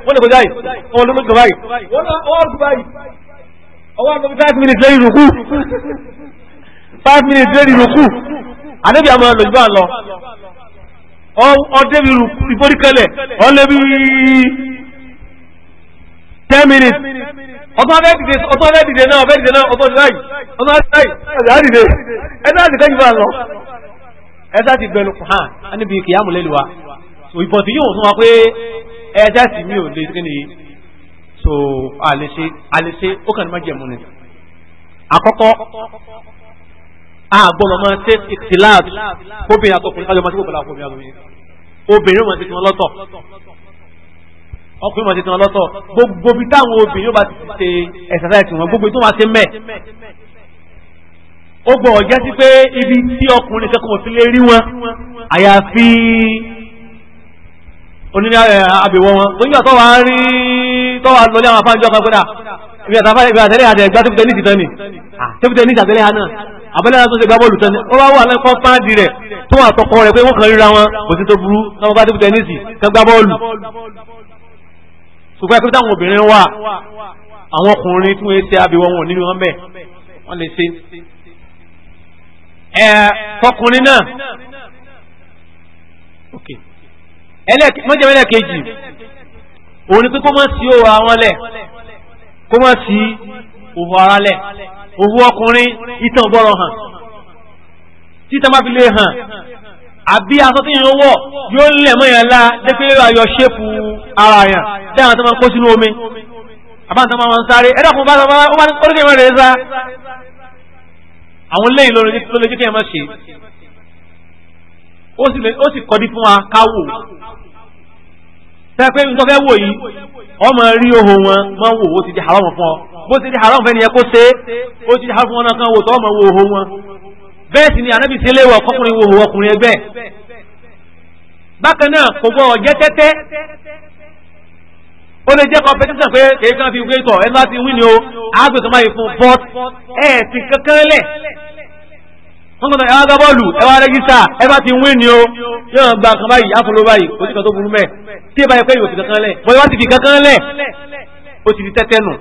[SPEAKER 1] wọ́n ní kọjá yìí wọ́n ló mọ́tò báyìí ọwọ́ àgbẹ̀ five minutes lẹ́yìn rùkú five minutes lẹ́yìn rùkú àdébí àmọ́ lòjú bá lọ ọdẹ́bí ìforí kẹlẹ̀ ọlẹ́bí ten minutes ọtọ́ ọbẹ̀ dìde náà ọbẹ̀ dìde náà ọtọ́ ọdún báyìí ọ̀nà àtàì àdìdè
[SPEAKER 2] ẹ̀dá àdìdè yìí bá lọ
[SPEAKER 1] ẹ̀dá ti bẹ̀rù hàn á níbi kìyàmù lẹ́lùwà so ìbọ̀tí yóò fún wa pé ẹ̀dá sì mí ò lè kí ni so àlèṣe àlèṣe ó kàn ní má jẹ̀mú ni àkọ́kọ́ àgbọ̀nà máa ṣe ìtìláàdù obìnrin àtọkùnrin kájọ máa ṣe kókòlà fún obìnrin obìnrin máa ṣe tiwọn lọ́tọ̀ ọkùnrin máa ṣe tiwọn lọ́tọ̀ gbogbo bí táwọn obìnrin bá ti ṣe ẹ̀sàsáyà tiwọn gbogbo tó máa ṣe mẹ́ẹ̀ ó gbọ́ ọ̀jẹ́ sí pé ibi tí ọkùnrin kẹ́kọ̀ọ́ sí lè rí wọn àyàfi onílé eh, àbẹ̀wọ̀ wọn tó ń yà tó wà ń rí tó wà lọlé àwọn afáàjọ kan gbọ́dà ibi àtàfà ibi àtẹ̀lé àtẹ̀ gbá tẹ́fùtẹ́ ní ìtàn ni tẹ́fùtẹ́ ní ìtàtẹ̀lé àná àbẹ́lẹ́ àti oṣù gbábọ́ọ̀lù tán ni ó wá wà lẹ́kọ́ páàdì rẹ̀ tó wà tọkọ rẹ̀ pé wọ́n kàn ríra wọn kò sí tó burú káwọn bá tẹ́fùtẹ́ ní ìsì kán gbábọ́ọ̀lù ṣùgbọ́n ẹ̀kọ́ táwọn obìnrin wà àwọn ọkùnrin tí wọ́n ṣe àbẹ̀wọ̀ wọn nínú wọn bẹ́ẹ̀ wọ́n lè ṣe ẹ kọkùnrin náà mọ́jẹ̀mẹ́lẹ̀ kejì òun ni pé kó mọ́ sí òwò àwọn lẹ̀ kó mọ́ sí òwò ara lẹ̀ òwò ọkùnrin ìtàn gbọ́rọ̀ hàn títàn bá fi lè hàn àbí aṣọ tí yẹn wọ̀ yóò lẹ̀ mọ́ yẹn lá dẹ́pẹ́ yóò ayọ̀ ṣépù ara yẹn dáhùn tó máa ń kó sínú omi àbáǹtàn máa ń sáré ẹ̀dọ́kùnrin bá
[SPEAKER 2] sọ
[SPEAKER 1] àwọn lẹ́yìn lórí ló lè jẹ́ kí ẹ kọdị ṣe ó sì kọ́ di fún wa ká wò tẹ́pẹ́ nítorí fẹ́ wò yìí ọmọ rí ohun wọn máa ń wò ó ti di haram fún ọ bó ti di haram fẹ́ kó ṣe é ó ti di haram fún wọn kan wò tó ọmọ ohun wọn bẹ́ẹ̀ sì ni sí ilé ọkùnrin ohun ọkùnrin ẹgbẹ́ ó lè jẹ́ competition pé kìí kan fi wé tọ̀ ẹ bá ti wí ni o àgbè kan báyìí fún but ẹ ti kankan lẹ̀ wọ́n kàn ẹ wá gbá bọ́ọ̀lù ẹ wá rẹ́gísà ẹ bá ti wí ni o yóò gba kan báyìí àfọlọ́ báyìí kò sí kan tó burú mẹ́ tí ẹ bá yẹ pé yóò fi kankan lẹ̀ bọ́ọ̀ bá ti fi kankan lẹ̀ ó ti fi tẹ́tẹ́ nù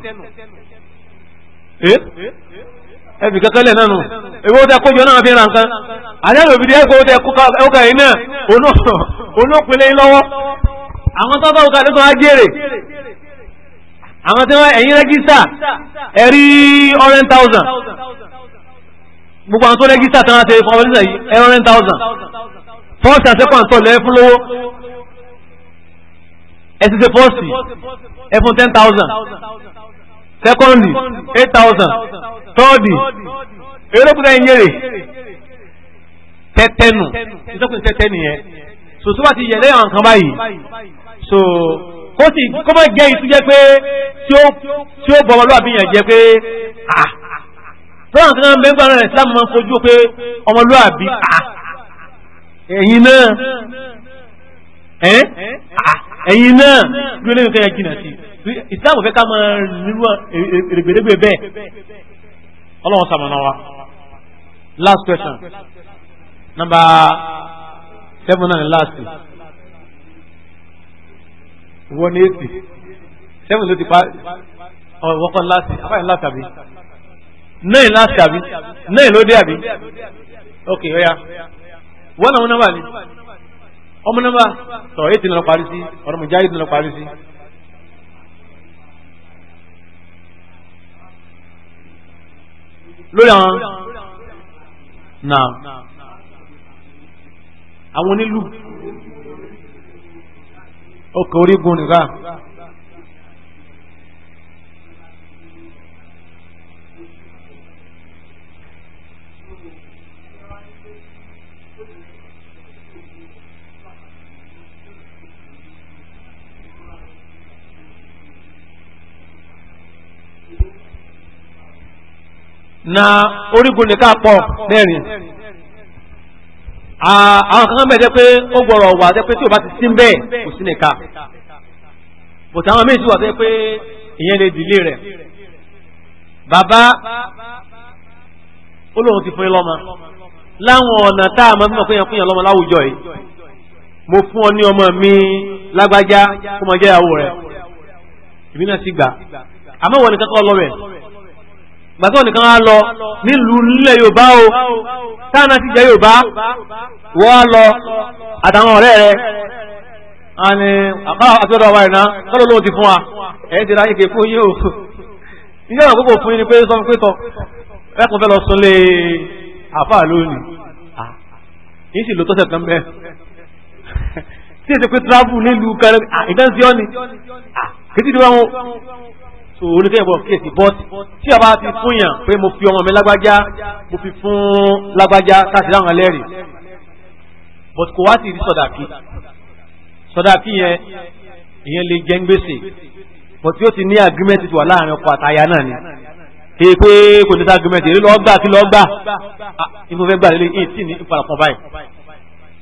[SPEAKER 1] ẹ fi kankan lẹ̀ náà nù èwo tẹ kójọ náà fi ra nǹkan àdéhùn òbí àwọn tó bá òkàlù kan á jèrè àwọn tí wọ́n ẹ̀yìn rẹ́gísà ẹ̀rí ọ̀rẹ́n thousand gbogbo àwọn tó rẹ́gísà tí wọ́n ti fún ọ̀rẹ́n yìí ẹ̀rí ọ̀rẹ́n thousand fọ́ọ̀sì àṣẹ́kọ̀ǹtọ̀ lẹ́ fún lówó ẹ ti ṣe fọ́ọ̀sì ẹ fún ten thousand sẹ́kọ́ndì eight thousand tọ́ọ̀dì erékùnrin ẹ̀yìn yèrè tẹ́tẹ́nu ìtọ́kùnrin tẹ́tẹ́ nìyẹn sòtúbà ti yẹ̀ lẹ́yìn àwọn kan báyìí so kó sì kó má jẹ́ ìtújẹ́ pé tí ó bọ̀wọ̀ lóàbí yàn jẹ́ pé à fúlàǹ kan bẹ́ẹ̀ gbọ́dọ̀ rẹ̀ sílámù máa ń fojú pé ọmọlúàbí à ẹ̀yin náà
[SPEAKER 2] ẹ̀yin náà dúró lẹ́yìn
[SPEAKER 1] kẹ́yà jìnnà sí ìsìlámù fẹ́ ká máa nínú èrègbèrègbè bẹ́ẹ̀ ọlọ́run sàmọ̀nà wa last question number seven and last ìwọ ní èsì seven ló ti pa ọ̀wọ́ kan láti afáyín láti àbí nine láti àbí nine ló dé àbí ok ọ̀ya wọ́n làwọn nọ́mbà ni ọmọ nọ́mbà tọ̀ eight ní lọ parí sí ọ̀rọ̀ mọ̀já eight ní lọ parí sí. lórí àwọn náà àwọn onílù ọkọ̀ orígun nìkan. na orígun nìkan pọ̀ mẹ́rin àwọn kankan bẹ̀ jẹ́ pé ó gbọ́rọ̀ wà jẹ́ pé tí o bá ti sí bẹ́ẹ̀ kò sí nìka bùtà àwọn méjì wà jẹ́ pé ìyẹn lè dìlé rẹ̀ bàbá olóhùn ti fún yín lọ́mọ láwọn ọ̀nà tá a mọ̀ mímọ̀ pé yẹn fún yẹn lọ́mọ láwùjọ yìí mo fún ọ ní ọmọ mi lágbájá kó mọ jẹ́ ìyàwó rẹ̀ ìbí náà ti gbà àmọ́ wọn ni kankan lọ́rẹ̀ gbàtọ́ nìkan á lọ nílùú nílẹ̀ yorùbá o
[SPEAKER 2] táwọn ti jẹ́ yorùbá wọ́n á lọ àtàwọn ọ̀rẹ́ rẹ̀
[SPEAKER 1] àni àkàrà àtọ́dọ̀ wa ìná kọ́lọ́ lóhun ti fún wa ẹ̀yìn ti ráyè fún yín o iṣẹ́ ìwà gbogbo fún yín ni pé sọ pé tọ ẹkùn fẹ́ lọ súnlé àfà lónìí yìí sì lò tọ́sẹ̀ kan bẹ́ẹ̀ tí èsì pé travel nílùú kẹrẹ ìdánsí ọ́ni kìtìdí wọn so oníkẹ́yìnbọ̀ kéèsì bọ́ọ̀tì tí a bá ti fún yàn pé mo fi ọmọ mi lágbájá mo fi fún lágbájá káàkiri àwọn ẹlẹ́rìí but kò wá sí ìdí sọ̀dàkì sọ̀dàkì yẹn ìyẹn lè jẹ́ gbèsè but yóò ti ní agreement ti wà láàrin ọkọ àtaya náà ni èyí kò ní sá agreement èrè lọ́ọ́ gbà kí lọ́ọ́ gbà ìfún ah, fẹ́ gbà lé yìí tí ní ìfarapọ̀ báyìí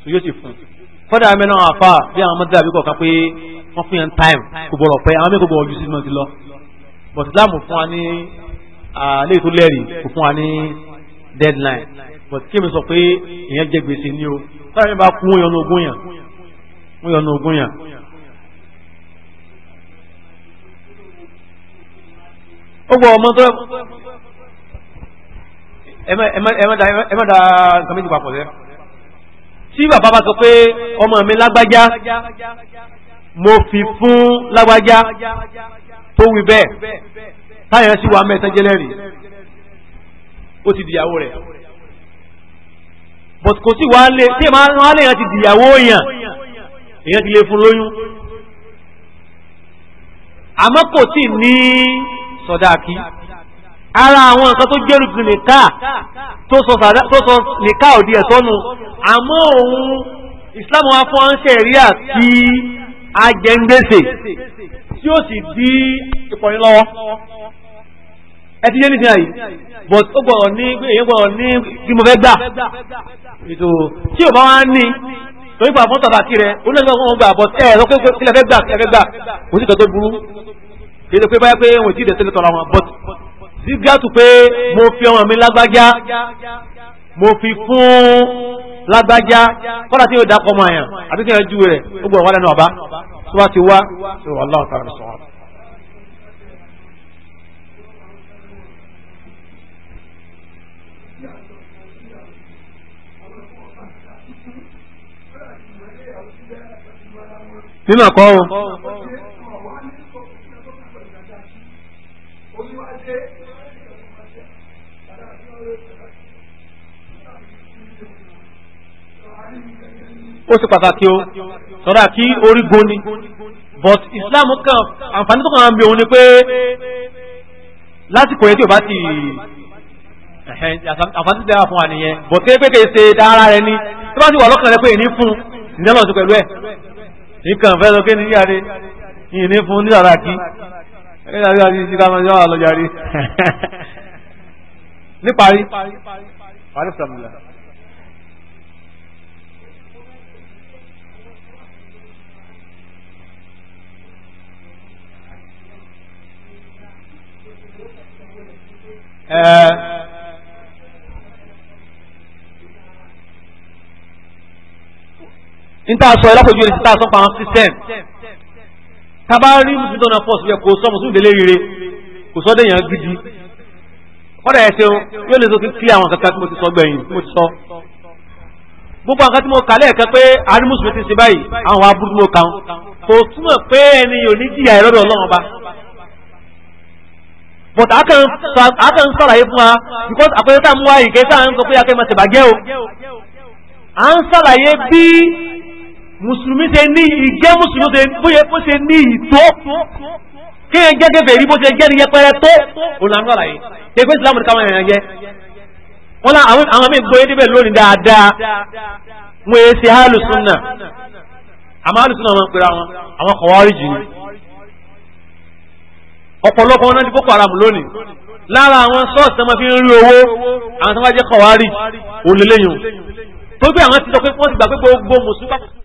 [SPEAKER 1] so yóò ti fún fọ́dà mẹ́rin àfà bí àwọn ọmọdé àbíkọ̀ kan pé wọ́n fún yẹn time kò bọ̀rọ̀ pé àwọn mẹ́kọ̀ọ́ bọ̀ ọ̀jú sí mọ́ ti lọ but Islam fún wa ní léyìí tó lẹ́rìí kò fún wa ní deadline but kí mi sọ pé èèyàn jẹ gbèsè ní o táwọn yẹn bá kú wọn yọnu ogún yàn wọn yọnu ogún yàn. ó gbọ́ ọmọ tó ẹ má da nǹkan méjì papọ̀ rẹ tí bàbá bá sọ pé ọmọ mi lágbájá mo fi fún lágbájá tó wí bẹ́ẹ̀ táyà sí wa mẹ́ta jẹ́lẹ́rìí ó ti dìyàwó rẹ̀ but kò sí wàá lé tí èèmà wọn á lè yàn ti dìyàwó èèyàn èèyàn ti lè fún lóyún àmọ́ kò tí ní sọ̀dáàkì ara àwọn nǹkan tó jẹ́rù ju nìka tó sọ nìka òdi ẹ̀ sọ́nu àmọ́ òun Islam wa fún ánṣẹ́ rí àti ajẹ́ngbèsè tí ó sì di ìpọ̀yìn lọ́wọ́ ẹ ti yé nísìnyí àyè but ó gbọ́dọ̀ ní èyí gbọ́dọ̀ ní kí mo fẹ́ gbà ètò tí ò bá wá ní lórí pa fọ́tò àbàkí rẹ ó lè lọ́wọ́ gbà but ẹ lọ́kọ́ kí lè fẹ́ gbà kí lè fẹ́ gbà kò sí ìtọ́jú burú kì í ṣe pé báyà pé wọn ò tí ì dẹ̀sẹ̀ lẹ́tọ̀ọ́ àwọn but sígáàtù pé mo fi ọmọ mi lágbájá mo fi fún lágbájá kọ́lá tí yóò dákọ̀ ọmọ àyàn àti tí yóò ju rẹ̀ ó gbọ́dọ̀ wá lẹ́nu ọ̀bá tí wọ́n ti wá ṣe wà láwọn tààrà nínú ẹ̀kọ́ wọn. ó sì pàtàkì o sọ̀rọ̀ àkí orígun ni but Islam kan àǹfààní tó kàn án bí òun ni pé lásìkò yẹn tí o bá ti àǹfààní tí ó dára fún wa nìyẹn but kéékèèké ṣe dára rẹ ni tó bá ti wà lọ́kàn rẹ pé èyí fún ìdánwò sí pẹ̀lú ẹ̀ ìkàn fẹ́ lọ kí ni yáre ìní fún ní àràkí ẹgbẹ́ àti ìsìká máa yọ́ àlọ́jàrí
[SPEAKER 2] níparí parí sàmìlà ẹ̀ẹ́
[SPEAKER 1] níta sọ ẹlọ́pọ̀jú èdè títà sọ́pọ̀ àwọn system tábà rí mùsùlùmí tọ́nà force yẹ kò sọ mùsùlùmí délé rere kò sọ déyàn gidi kọ́dà ẹ̀ ṣeun yóò lè so kí clear àwọn kankan tí mo ti sọ gbẹ̀yìn tí mo ti sọ gbogbo àwọn kan tí mo kà lẹ́ẹ̀kan pé àrí mùsùlùmí ti ṣe báyìí àwọn aburú mo kà kò túmọ̀ pé ẹni ò ní jìyà ìrọ́dọ̀ ọlọ́run ọba but a kan sàlàyé fún wa because àpẹẹrẹ tá a mú wa yìí kẹ́ sáà ń sọ pé a kẹ́ máa ṣèbàjẹ́ o à ń sàlàyé bí mùsùlùmí ṣe ní ìjẹ́ mùsùlùmí bóyẹ bó ṣe ní ìtó kí ẹ jẹ́gẹ́ bẹ̀rí bó ṣe jẹ́rìí yẹpẹrẹ tó olùlànà àlàyé ẹgbẹ́ ìsìlámù káwọn èèyàn jẹ́ wọ́n lá àwọn míì gbóyé débẹ̀ lónìí dáadáa wọ́n èé ṣe hálùsùnà àmọ́ hálùsùnà wọn pèrè àwọn àwọn kọ̀wárí jù ní ọ̀pọ̀lọpọ̀ wọn náà ti Boko Haram lónìí lára àwọn sọ́ọ̀sì tó máa fi ń rí owó àwọn tó máa jẹ́ kọ̀wárí òlélẹ́yìn tó gbé àwọn ti sọ pé wọ́n ti gbà pé gbogbo mùsùlùmí